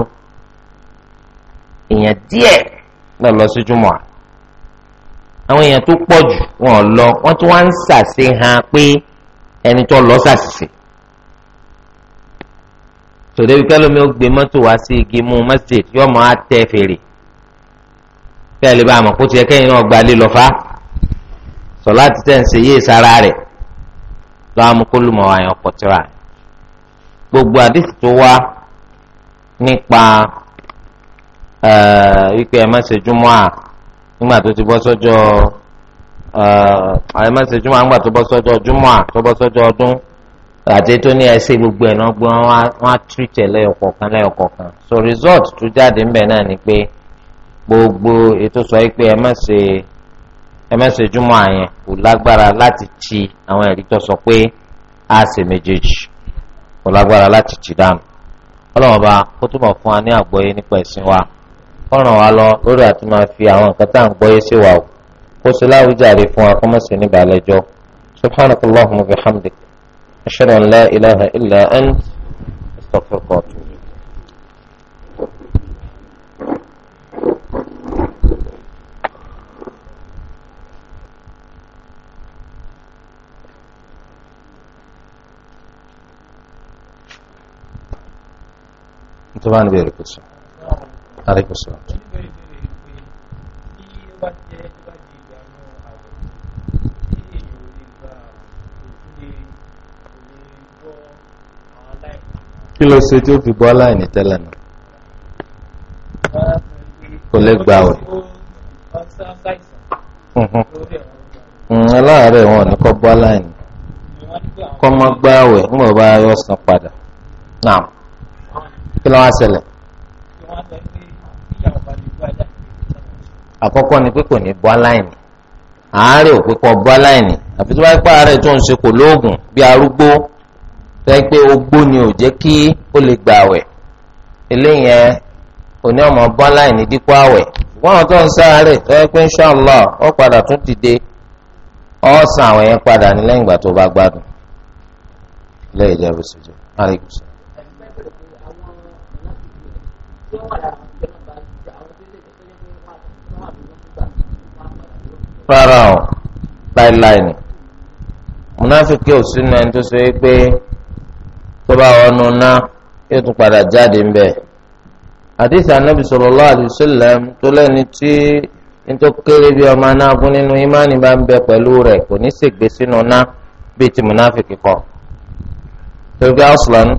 èèyàn díẹ̀ lọ lọ sí jùmọ̀ àwọ̀ àwọn èèyàn tó pọ̀ jù wọn lọ wọ́n tún wá ń sàṣe hàn pé ẹni tó lọ sàṣìṣe. tòdébi kẹlómi ó gbé mọ́tò wá sí igi mú masjid yóò máa tẹ fèrè kẹ́lẹ́ bá a mọ̀ kó tiẹ̀ kẹ́yìn náà gbalé lọ́fà sọlá ti tẹ̀ ń ṣe yé sára rẹ̀ tó a kó lùmọ̀ àyàn kọ̀tìrà gbogbo àdìsí tó wá nípa wípé ẹ má ṣe júmọ́ à. nígbà tó ti bọ́ sọ́jọ́ àyè má ṣe júmọ̀ nígbà tó bọ́ sọ́jọ́ júmọ̀ tó bọ́ sọ́jọ́ ọdún àti tó ní ẹsẹ̀ gbogbo ẹ̀ náà gbọ́n wọ́n á tìrìtẹ̀ lẹ́yọkọ̀kan lẹ́yọkọ̀kan so result tó jáde ńbẹ̀ náà ni pé gbogbo ètò sọ pé ẹ má ṣe ẹ má kò lágbára láti ti àwọn ẹ̀rí tó sọ pé a ṣe méjèèjì kò lágbára láti ti dànù ọlọ́wọ́n kó túbọ̀ fún wa ní àgbọ́yé nípa ẹ̀sìn wa. ọ̀ràn wa lọ lórí àti máa fi àwọn nǹkan tá à ń gbọ́ yé sí wa o kó sì láwùjáde fún wa kó má sì ní balẹ̀jọ́ subhanakallahumma wa bihamdik ashhadu an la ilaha illa an astaghfiruka wa atubu. طبعا بيركز aleykum salaam. kí ló ṣe tí ó fi bọ́ aláìní tẹ́lẹ̀ náà kò lè gbà wẹ̀. aláàárẹ̀ wọn ni kọ́ bọ́ aláìní kọ́ mọ́ gbà wẹ̀ ń bọ̀ bá yọ san padà kí ló wá ṣẹlẹ̀. àkọ́kọ́ ni pé kò ní bọ́ aláìní àárẹ̀ ò pípọ̀ bọ́ aláìní àfi tí wọ́n á pa àárẹ̀ tó ń ṣe kò lóògùn bí arúgbó fẹ́ pé ogbó ni ò jẹ́ kí ó lè gbà àwẹ̀ eléyẹn ọmọ bọ́ aláìní dípò àwẹ̀ ṣùgbọ́n àwọn tó ń sáré tó yẹ pé padà tún rárá o ni múnáfíkì ò ẹni tó ṣe é pé tó bá wọnú ná yóò tún padà jáde ń bẹ àdìsí anábì tó tí nítorí kéré bí ọmọ náà nínú ìmánì bá ń bẹ pẹ̀lú rẹ̀ kò ní ṣègbè sínú ná bíi kọ aslan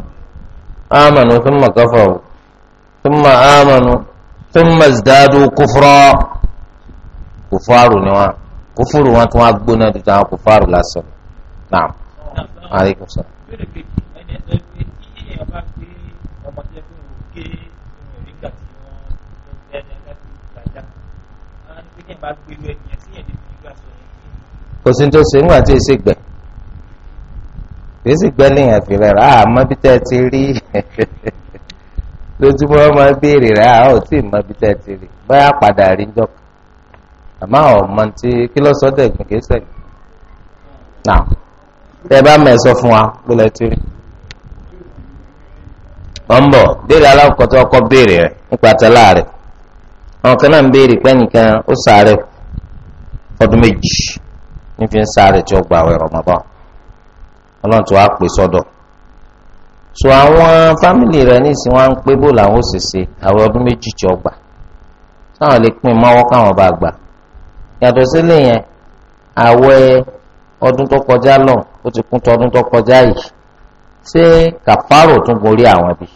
amanu amanu kùfàrù ni wọn kùfùrù wọn tún wá gbóná ju tàwọn kùfàrù lásán náà aleykum salaam. kò sí tó ṣe ńgbà tí èsì gbẹ èsì gbẹ lèèyàn fi rẹ rà á mọ bí tẹ ti rí [LAUGHS] lójúmọ́ máa béèrè rẹ á ò tí ì mọ bí tẹ ti rí báyà padà rí jọkàn àmọ́ àwọn ọmọ tí kí ló sọ dẹ̀gbìn kì í sẹ̀gbìn. náà tẹ́ ẹ bá mọ̀ ẹ sọ fún wa gbọ́dọ̀ tí rí. wọ́n bọ̀ béèrè alákọ̀ọ́tọ́ ọkọ̀ béèrè rẹ̀ nípa tẹ́lá rẹ̀ àwọn kan náà ń béèrè pé nìkan ó sáré ọdún méjì nífi ń sáré tí ó gba àwẹ̀ Ramadan ọlọ́run tó wá pè sọ́dọ̀ so àwọn fámìlì rẹ̀ nísìnyí wọ́n á ń pé bó làwọn ó sì àwọn ọdún méjì tí ó táwọn lè pín mọ́wọ́ káwọn bá gbà yàtọ̀ sílẹ̀ yẹn àwẹ̀ ọdún tó kọjá lọ ó ti kún tó ọdún tó kọjá yìí ṣé kàfárò tún borí àwọn bí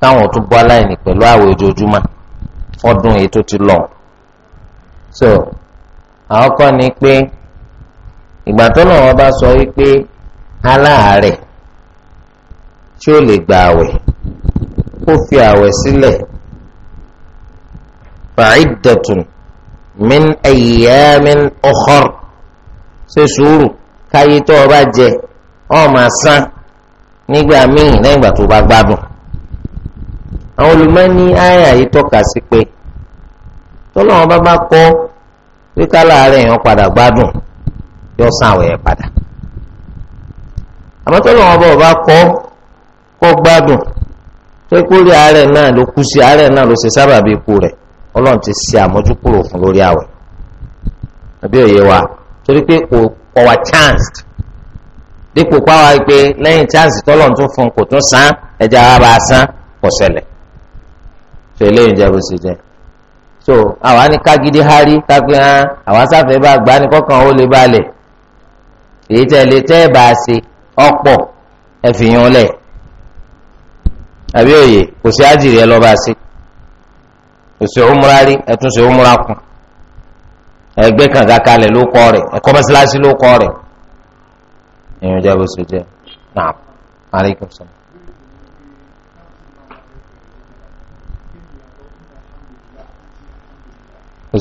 káwọn tún bọ́ aláìní pẹ̀lú àwẹ̀ ojoojúmọ́ fọdún èyí tó ti lọ so àwọn kọ́ ni pé ìgbà tó náà wọn bá sọ wípé aláàárẹ̀ tí ó lè gba àwẹ̀ kó fi àwẹ̀ sílẹ̀ fàáìdẹ̀tùn min ayyamin ukhar ṣe sùúrù káyé tó o bá jẹ ọ máa san nígbà míì lẹ́yìn ìgbà tó o bá gbádùn. àwọn olùmọ́ni àyà yìí tọ́ka sí pé tọ́lọ́wọ́n bá bá kọ́ pé ká láàárẹ̀ èèyàn padà gbádùn yọ san àwẹ̀ yẹn padà. àmọ́ tọ́lọ́wọ́n bá bá kọ́ kọ́ gbádùn pé kórè àárẹ̀ náà ló kú sí àárẹ̀ náà ló ṣe sábàbí ikú rẹ̀ ọlọ́run ti ṣe àmójúkúrò fún lórí àwẹ̀ àbí òye wa torí pé kò wá chance dípò páwa pé lẹ́yìn chance tọ́lọ́run tún fún kò tún san ẹja wa bá a san kò ṣẹlẹ̀ tó eléyìí jẹ́ bó ṣe jẹ́ so àwa ni kagidi hari, kápẹ́ hàn àwa sáfẹ́ bá gbá ní kọ́kàn ó lè balẹ̀ èyí tẹ́ lè tẹ́ ẹ̀ bá a ṣe ọ̀pọ̀ ẹ̀fìyàn lẹ̀ àbí òye kò sí àjìrì ẹ lọ́ba ṣe. kò sí òmùra rí ẹtún sí òmùra kù ẹgbẹ́ kànga kalẹ̀ ló kọ́ rẹ̀ ẹ̀kọ́ mọ́sálásí ló kọ́ rẹ̀ ìyẹn jẹ́ bó ṣe náà kò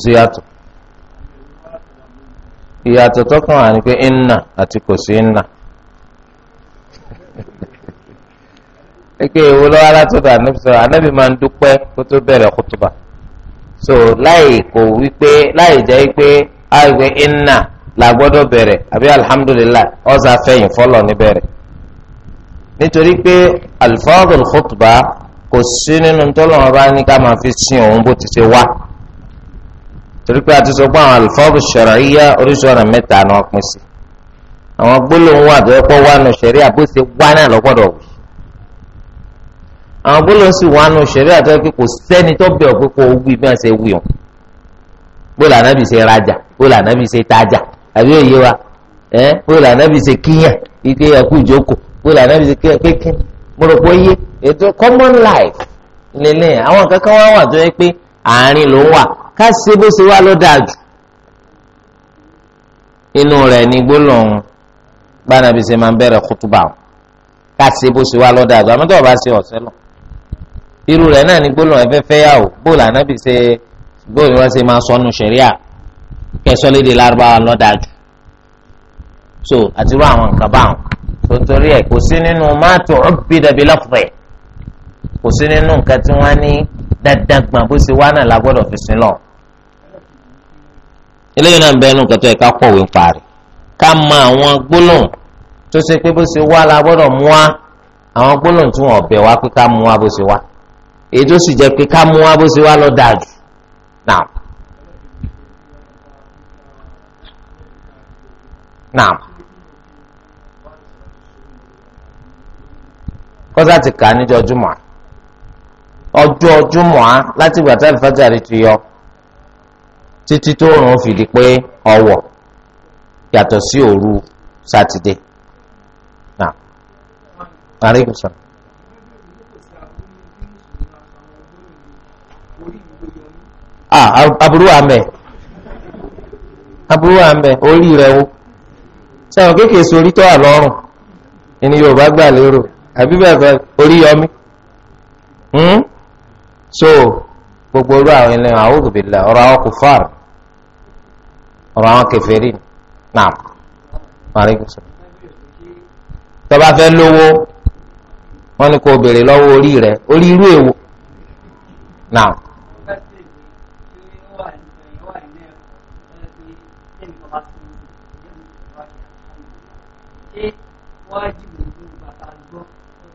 sí yàtọ̀ ìyàtọ̀ pé ìnà àti kò sí ìnà lọ́wọ́ [LAUGHS] ànábì máa ń so láì kò wípé láì jẹ́ pé àìwé inna la gbọ́dọ̀ bẹ̀rẹ̀ àbí alhamdulilah ọ̀sà fẹ̀yìn fọlọ̀ níbẹ̀rẹ̀ nítorí pé alfadul khutba kò sí nínú tọ́lọ́mọ bá ní ká máa fi sin òun bó ti ṣe wá torí pé a ti sọ pé àwọn alfadul oríṣi ọ̀nà mẹ́ta ni wọ́n pín sí àwọn gbólóhùn wà tó yẹ kó wà nù lọ́gbọ́dọ̀ wù àwọn gbólóhùn sì wà nù ṣẹ̀rí àti ẹ̀kọ́ kò sẹ́ni tó bẹ̀ ọ́ pé kò wí bí wọ́n ṣe wí ọ́n bóòlù ànábì ṣe rajà bóòlù ànábì ṣe tajà àbí òye wa ẹ bóòlù ànábì ṣe kíyàn ike ẹkú ìjókòó bóòlù ànábì ṣe kíyàn pé kíni mo rò pé yé ètò common life lélẹ̀ àwọn kankan wá wà tó yẹ pé àárín ló ń wà ká ṣe bó ṣe wá ló dáa jù inú rẹ̀ ní gbólóhùn gbànàbí ṣe máa bẹ̀rẹ̀ kútúbà ká ṣe bó ṣe wá ló dáa jù àmọ́ tó ṣe ọ̀sẹ̀ lọ irú rẹ̀ náà ni gbólóhùn ẹ̀fẹ́ fẹ́ yà ó bóòlù ànábì ṣe bóòlù wọn ṣe máa sọnù ṣẹ̀ríà kẹsọ́lédè lárúbáwá lọ́dájú so àti irú àwọn nǹkan báwọn tó ń torí ẹ̀ kò sí nínú máàtò ọ̀bìdàbí lọ́fẹ̀ẹ́ kò sí nínú nǹkan tí wọ́n ní dandan gbọ̀n bó ṣe wá náà la gbọ́dọ̀ fi sin lọ. eléyìí náà ń bẹ inú nǹkan tó yẹ ká kọ̀wé ń parí ká mọ àwọn gbólóhùn tó ṣe pé bó ṣe wá la gbọ́dọ̀ mú wa àwọn gbólóhùn tí wọn ọ̀bẹ wa pé ká mú wa bó ṣe wá èyí tó sì jẹ́ pé ká mú wá bó ṣe wá lọ dáa jù naam naam kọ́sá ti kà á níjọ́ júmọ̀ ọjọ́ júmọ̀ á láti ìgbà táwọn ìfájàre ti yọ títí tó rùn ó fi di pé ọwọ̀ yàtọ̀ sí òru sátidé naam. Alaikum aburú wa mbẹ aburú wa mbẹ orí rẹ wo sẹ́wọ̀n kéèké sórí tó wà ẹni yorùbá gbà lérò àbí bẹ́ẹ̀ hmm? so gbogbo orú àwọn ẹlẹ́yìn a'udhu billahi ọ̀rọ̀ àwọn kufar ọ̀rọ̀ àwọn kèfèrí náà maaleykum sọ tọba fẹ́ lówó wọ́n ní kò béèrè lọ́wọ́ orí orí irú èwo náà. ṣé wọ́n jù mí ní bàbá gbọ́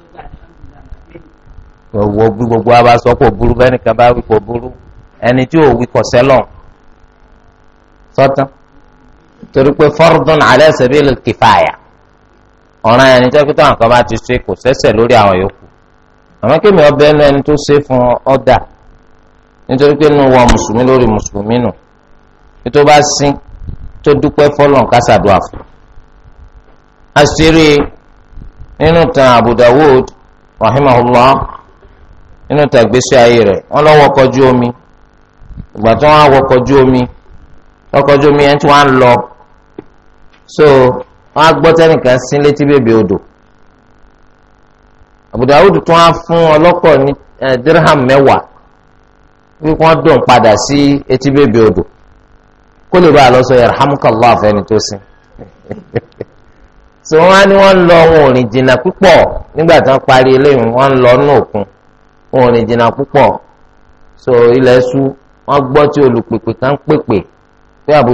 nígbà tí wọ́n gbìyànjú àgbẹ̀ mi. ọ̀wọ́ bí gbogbo wa bá sọ pé òbúrú bẹ́ẹ̀ nìkan bá wí pé òbúrú ẹni tí ò wí kọ̀ sẹ́lọ̀ sọ́tàn torí pé fardun ala sabil kìfàyà ọ̀ràn ẹni tó kíkọ́ àwọn kan bá ti ṣe kò sẹ́sẹ̀ lórí àwọn yòókù àmọ́ kí mi ọbẹ̀ ẹnu ẹni tó ṣe fún ọ̀dà nítorí pé inú wa mùsùlùmí lórí mùsùlùmí nù nítorí bá sín tó dúpẹ́ fọlọ́n kásàdúrà fún un. asiri nínú tan Abu Dawud rahimahullah nínú tan ayé rẹ wọ́n lọ wọkọ̀ omi ìgbà tí wọ́n á omi ọkọ̀ omi yẹn tí wọ́n so wọ́n á gbọ́ sí létí bèbè odò Abu tí fún ọlọ́kọ̀ ní eh, dirham mẹ́wàá wípé wọ́n dùn padà sí etí bèbè odò kó lè bá a lọ sọ [LAUGHS] so wọn á wọn lọ wọn jìnnà wọn lọ ní òkun so ilẹ̀ ṣú wọn gbọ́ tí olùpèpè kan pèpè pé Abu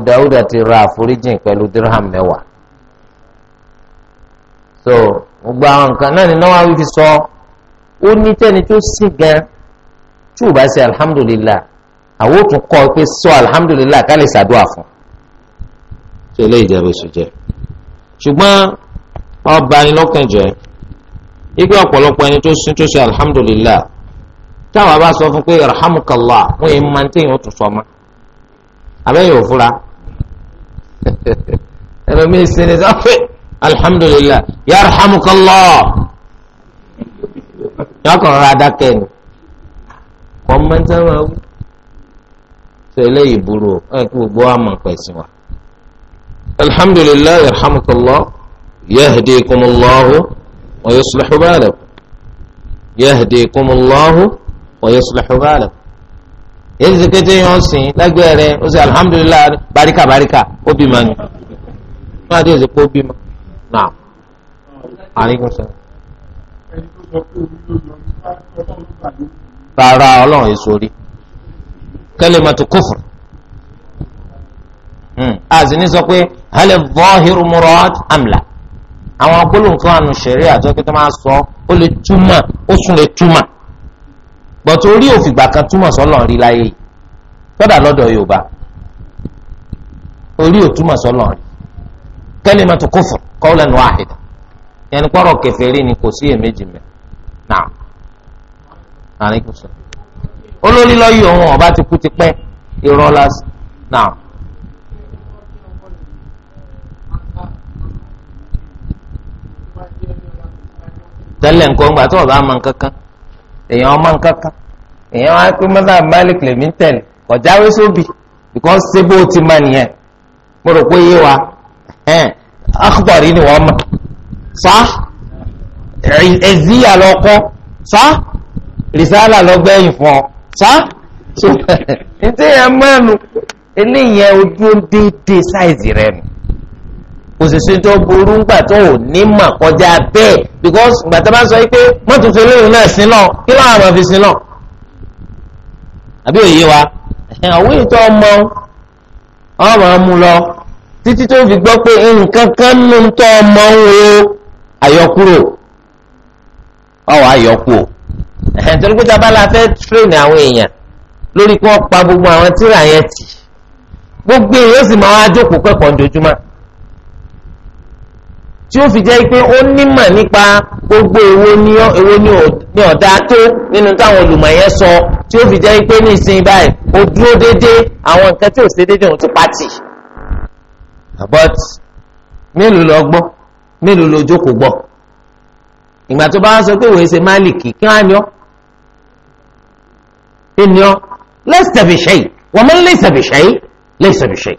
ti ra àforíjìn pẹ̀lú dirham mẹ́wàá so gbogbo àwọn nǹkan náà ni Nawawi fi sọ ó ní tẹ́ni tó sì gan tí ò bá ṣe alhamdulillah àwọn ò tún kọ pé sọ alhamdulillah ká lè ṣàdúrà fún un. ṣe ilé ìjẹ́bù ṣe jẹ́. ṣùgbọ́n ọba ni lọ́kàn jẹ́ igbe ọ̀pọ̀lọpọ̀ ẹni tó tó ṣe alhamdulillah táwọn bá sọ fún pé wọn yìí máa ń ma [LAUGHS] alhamdulillah eléyìí burú gbogbo pẹ̀sìn alhamdulillah yarhamukallah yahdikumullahu wa yuslihu balakum yahdikumullahu wa yuslihu balakum èyí ti kété yẹn sìn lágbèrè ó sì alhamdulillah barika barika ó bímọ ni wọn àti èsì kó bímọ náà àríkùn sọ rárá ọlọ́run yìí sórí kẹ́lẹ́ mọ́tò kófò àti ní sọ pé hali zọ́hìrù murad àwọn gbólóhùn kan ànú sẹ̀rí àtọ́kẹ́ tó sọ ó lè túmọ̀ ó sún lè túmọ̀ gbọ̀tọ̀ orí òfìgbà kan túmọ̀ sọ́lọ̀ rí láyé yìí kódà lọ́dọ̀ yorùbá orí òtúmọ̀ sọ́lọ̀ rí kalimatu kufr qawlan èméjì ọba tẹ́lẹ̀ nǹkan gbà tó o bá mọ nǹkan kan èèyàn ọmọ nǹkan kan èèyàn wá pé mọ́tà malik lèmi tẹ̀lé kọjáwé sóbì because ṣé bó o ti mọ nìyẹn mo rò pé yé wa akpọ̀rí ni wọ́n mọ̀ sá ẹ̀zíyà lọ́kọ́ sá rìsálà lọ́gbẹ́yìn fún ọ sá [LAUGHS] ǹjẹ́ mọ́nu eléyìí ojú déédéé sáìzì rẹ nù kò sì sí tó burú ńgbà tó ò ní mà kọjá bẹ́ẹ̀ because gbàtà bá sọ pé mọ́tò fi lóyún náà sí náà kí ló àwọn fi sí náà àbí òye wa àwọn ètò ọmọ ọmọ mu lọ títí tó fi gbọ́ pé nǹkan kan ló ń ọmọ ń wo àyọkúrò ọwọ́ àyọkú o pé tábà la fẹ́ tírèèni àwọn èèyàn lórí kí wọ́n pa gbogbo àwọn tíra yẹn tì gbogbo èèyàn sì máa wá jókòó kẹ́kọ̀ọ́ ojoojúmọ́ tí ó fi jẹ́ pé ó nímọ̀ nípa gbogbo èwo ni èwo ni ọ̀dà tó nínú táwọn olùmọ̀ yẹn sọ tí ó fi jẹ́ pé ní ìsìn báyìí ó dúró déédéé àwọn nǹkan tí ò ṣe déédéé òun ti pàtì. but mélòó lọ gbọ́ mélòó lọ jókòó gbọ́ ìgbà tó bá wá sọ pé òun ṣe máàlìkì kí wọ́n á ní ọ́ kí ni ọ́ lẹ́sẹ̀ yìí wọ́n mọ́ lẹ́sẹ̀ yìí lẹ́sẹ̀ yìí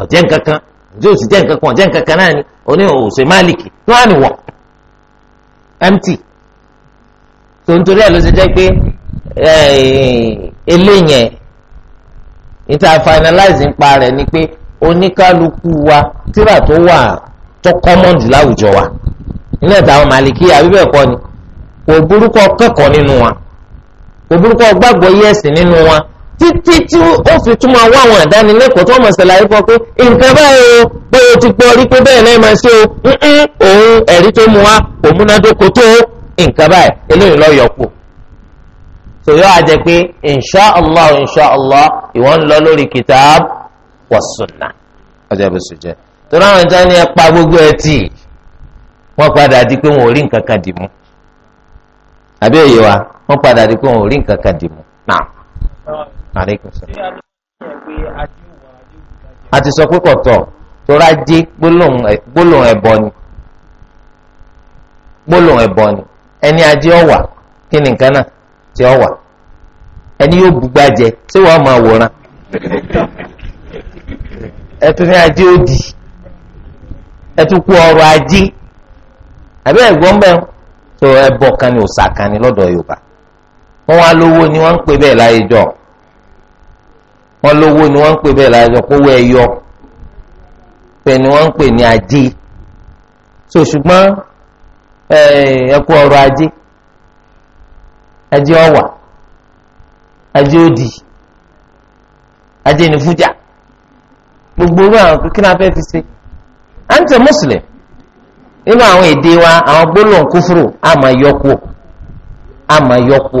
ọ̀jẹ̀ nǹkan kan ọ̀jẹ̀ òsì jẹ́ nǹkan kan ọ̀jẹ̀ nǹkan kan náà ni oní òsè máàlìkì tí wọ́n á nìwọ̀ empty tó ń torí ẹ̀ ló ṣe jẹ́ pé eléyẹn eh, níta finalize ń pa ni pé oníkálukú wa tíra tó wà tó common jù láwùjọ wa nílẹ̀ táwọn màlìkì àbí bẹ́ẹ̀ kọ́ ni kò burúkọ kẹ́kọ̀ọ́ nínú wa kò burúkọ gbàgbọ́ yẹ̀sìn nínú wa títí tí ó fi tún wá àwọn àdánilẹ́kọ̀ọ́ tó mọ̀ ṣẹlẹ̀ o pé o ti gbọ́ rí pé bẹ́ẹ̀ náà máa ṣe o òun ẹ̀rí tó mu wá kò múnádóko tó nǹkan báyìí eléyìí lọ́ọ́ pé insha allah insha allah lórí kitab wa sunnah ọjọ́ bó ṣe jẹ́ torí gbogbo ẹ tì wọ́n padà di pé wọn a ti sọ pé kọ̀tọ̀ tora jẹ́ gbólóhùn ẹ̀bọ ni ni ẹni ajé ọ̀wà kí ni nǹkan náà ti ọ̀wà ẹni yóò bugbájẹ tí wọ́n máa wòran ẹtún ní ajé òdì ẹtún kú ọrọ̀ ajé àbí ẹ̀gbọ́n bẹ́ẹ̀ tó ẹbọ kan ni òòṣà kan ni lọ́dọ̀ Yorùbá wọ́n ni wọ́n ń pè bẹ́ẹ̀ wọn lówó ni wọn ń pè bẹ́ẹ̀ láàyò kówó ẹyọ pé ni wọn ń pè ní ajé so ṣùgbọ́n ẹkú ọrọ̀ ajé ajé ọwà ajé òdì ajé ní gbogbo orú àwọn kí ni a fi ṣe à ń tẹ mùsùlùm nínú àwọn èdè wa àwọn gbólóhùn yọkú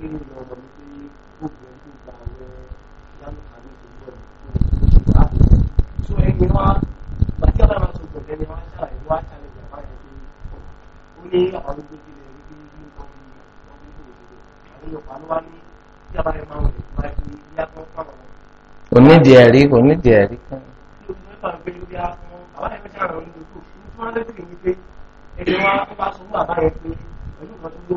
nínú ọ̀rọ̀ ní pé obìnrin tó gba àwọn yánúkà ní ìpínlẹ̀ ọ̀dọ́ tó ẹni wá bàtí ọ̀la máa tó gbẹ̀dẹ̀ ni wọ́n ṣàlàyé wọ́n ṣàlàyé ìjàmbá yẹn pé ó ní àwọn ọdún gbèjì rẹ̀ ní bí ní nǹkan bí ọdún tó lè dé àwọn ọ̀pá ló wá ní ìjàmbá yẹn máa ń rẹ̀ máa fi yàtọ̀ fáwọn. onídìí ẹ̀rí onídìí ẹ̀rí kan. àwọn ẹgbẹ́ sàrọ̀ ní gbogbo fún fún alẹ́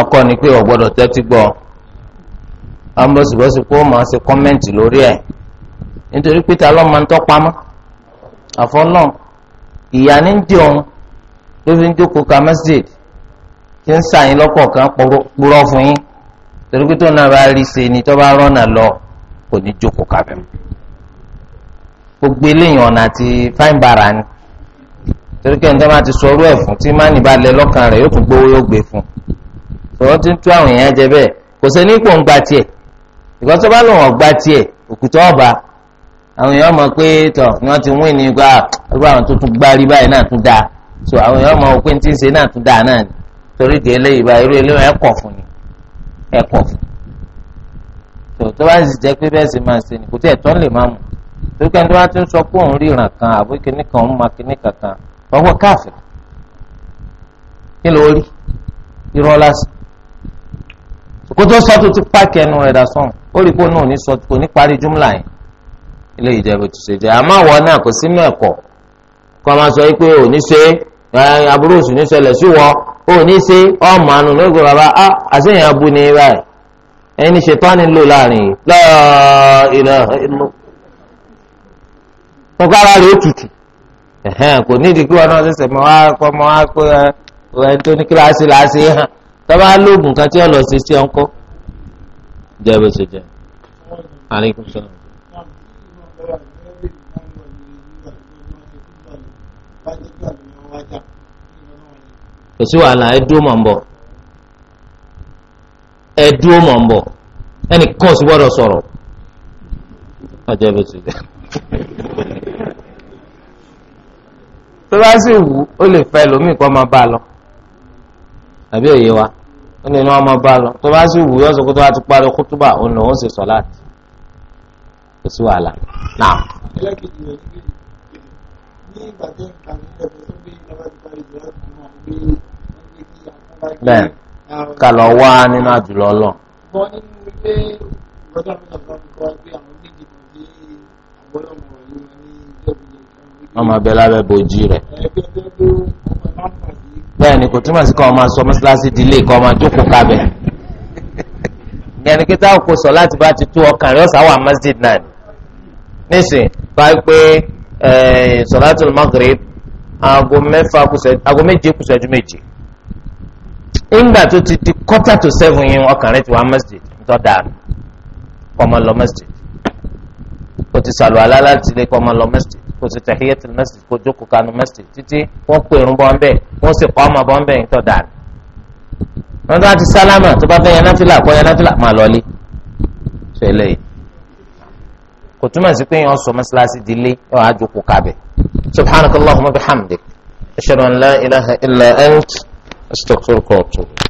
ọkọ ni pé ọ̀gbọ́dọ̀ tẹ́tí gbọ́ ambosibosi kó máa ṣe kọ́mẹ́ǹtì lórí ẹ̀ nítorí pé ta ma máa ń tọ́pamọ́ àfọlọ́ ìyá ní ń di òun ló fi ń ka masjid tí ń sàyìn lọ́kọ̀ọ̀kan purọ́ fún yín torí pé tó náà bá rí ṣe ni tó bá lọ kò ní àti fáìn bàrà ni torí pé ẹni tó ti sọ orú ẹ̀ fún tí fún wọ́n ti ń tú àwọn èèyàn jẹ bẹ́ẹ̀ kò sẹ́ni ipò ń gba tiẹ̀ ìgbọ́n tó bá lò wọ́n gba tiẹ̀ òkùtọ́ ọba àwọn èèyàn mọ̀ pé tọ̀ ni wọ́n ti wín ní gba ọgbà àwọn tó tún so àwọn èèyàn mọ̀ pé ti ń ṣe náà tún dáa náà ni torí di eléyìí irú eléyìí fún bá pé bẹ́ẹ̀ sì máa ṣe ni kò tí lè torí kẹ́ni ń sọ pé òun ríran kan àbí kan òun kankan ọwọ́ káàfin kí ló rí kó tó sọ tó ti pààkì ẹnu rẹ̀ dasán ó rí i pé òun náà ní sọ kò ní parí júmùlà yẹn ilé ìjẹ̀bù ti ṣe jẹ́ àmọ́ àwọn náà kò sínú ẹ̀kọ́ kó máa sọ pé ò ní ṣe aburú òsì ní ṣẹlẹ̀ sí wọ ò ní ṣe ọmọ àánú ló gbé bàbá a àṣeyàn abu ní báyìí ẹ̀yin ní ṣètọ́ ni lò láàrin yìí lọ́ọ́ ìlọ ìlú kọ́kọ́ ara rẹ̀ ó tutù kò nídìí kí wọn náà ṣẹ̀ṣẹ̀ mọ́ wá kọ́ mọ́ wá pé ẹni tó ní kíláàsì láàṣì hàn tọ́ba lóògùn kan tí ọlọ́ ṣe sí ọ̀ńkọ́ jẹ́ bó ṣe jẹ́ aleykum salaam. kò sí wàhálà ẹ dúró mọ̀ ń bọ̀ ẹ dúró mọ̀ ń bọ̀ ẹnì kan sì gbọ́dọ̀ sọ̀rọ̀ ọjọ́ bó ṣe jẹ́. tó bá sì wù ó lè fẹ́ lómi kó máa bá a lọ àbí òye wa ó lè ní ọmọ bá lọ tó bá sì wù yọ sọ pé tó bá ti parí kútúbà òun lòún ṣe sọláàtì kò sí wàhálà náà. bẹ́ẹ̀ ká lọ wá nínú àjùlọ lọ. wọ́n máa bẹ lábẹ́ rẹ̀ bẹ́ẹ̀ ni kò túmọ̀ sí kọ́ ọ máa sọ mọ́sálásí di ilé kọ́ ọ máa jókòó kábẹ̀ yẹn táwọn kò sọ láti bá ti tú ọkàn rẹ ọ̀sán wà masjid náà nísìn bá pé sọ̀látùl maghrib aago mẹ́fà kùsẹ̀ aago méje kùsẹ̀ ju méje ńgbà tó ti di quarter to seven yẹn ọkàn rẹ ti wà masjid ń tọ́ da kọ́ ọ lọ masjid kò ti sàlù àlá láti lè kọ́ ọmọ lọ mẹ́sìtì kò ti tahiyatul mẹ́sìtì kò jókòó kanu mẹ́sìtì títí wọ́n pè ń bọ́ ń bẹ̀ wọ́n sì kọ́ ọmọ bọ́ ń bẹ̀ ń tọ́ dànù. wọ́n tó bá ti sálámà tó bá fẹ́ yẹn náfìlà kọ́ yẹn náfìlà máa lọ lé ṣẹlẹ̀ yìí. kò túmọ̀ sí pé yẹn sọ di lé yẹn wàá jókòó kábẹ̀. subhanakallahumma bihamdik ashhadu ilaha illa ant astaghfiruka wa atubu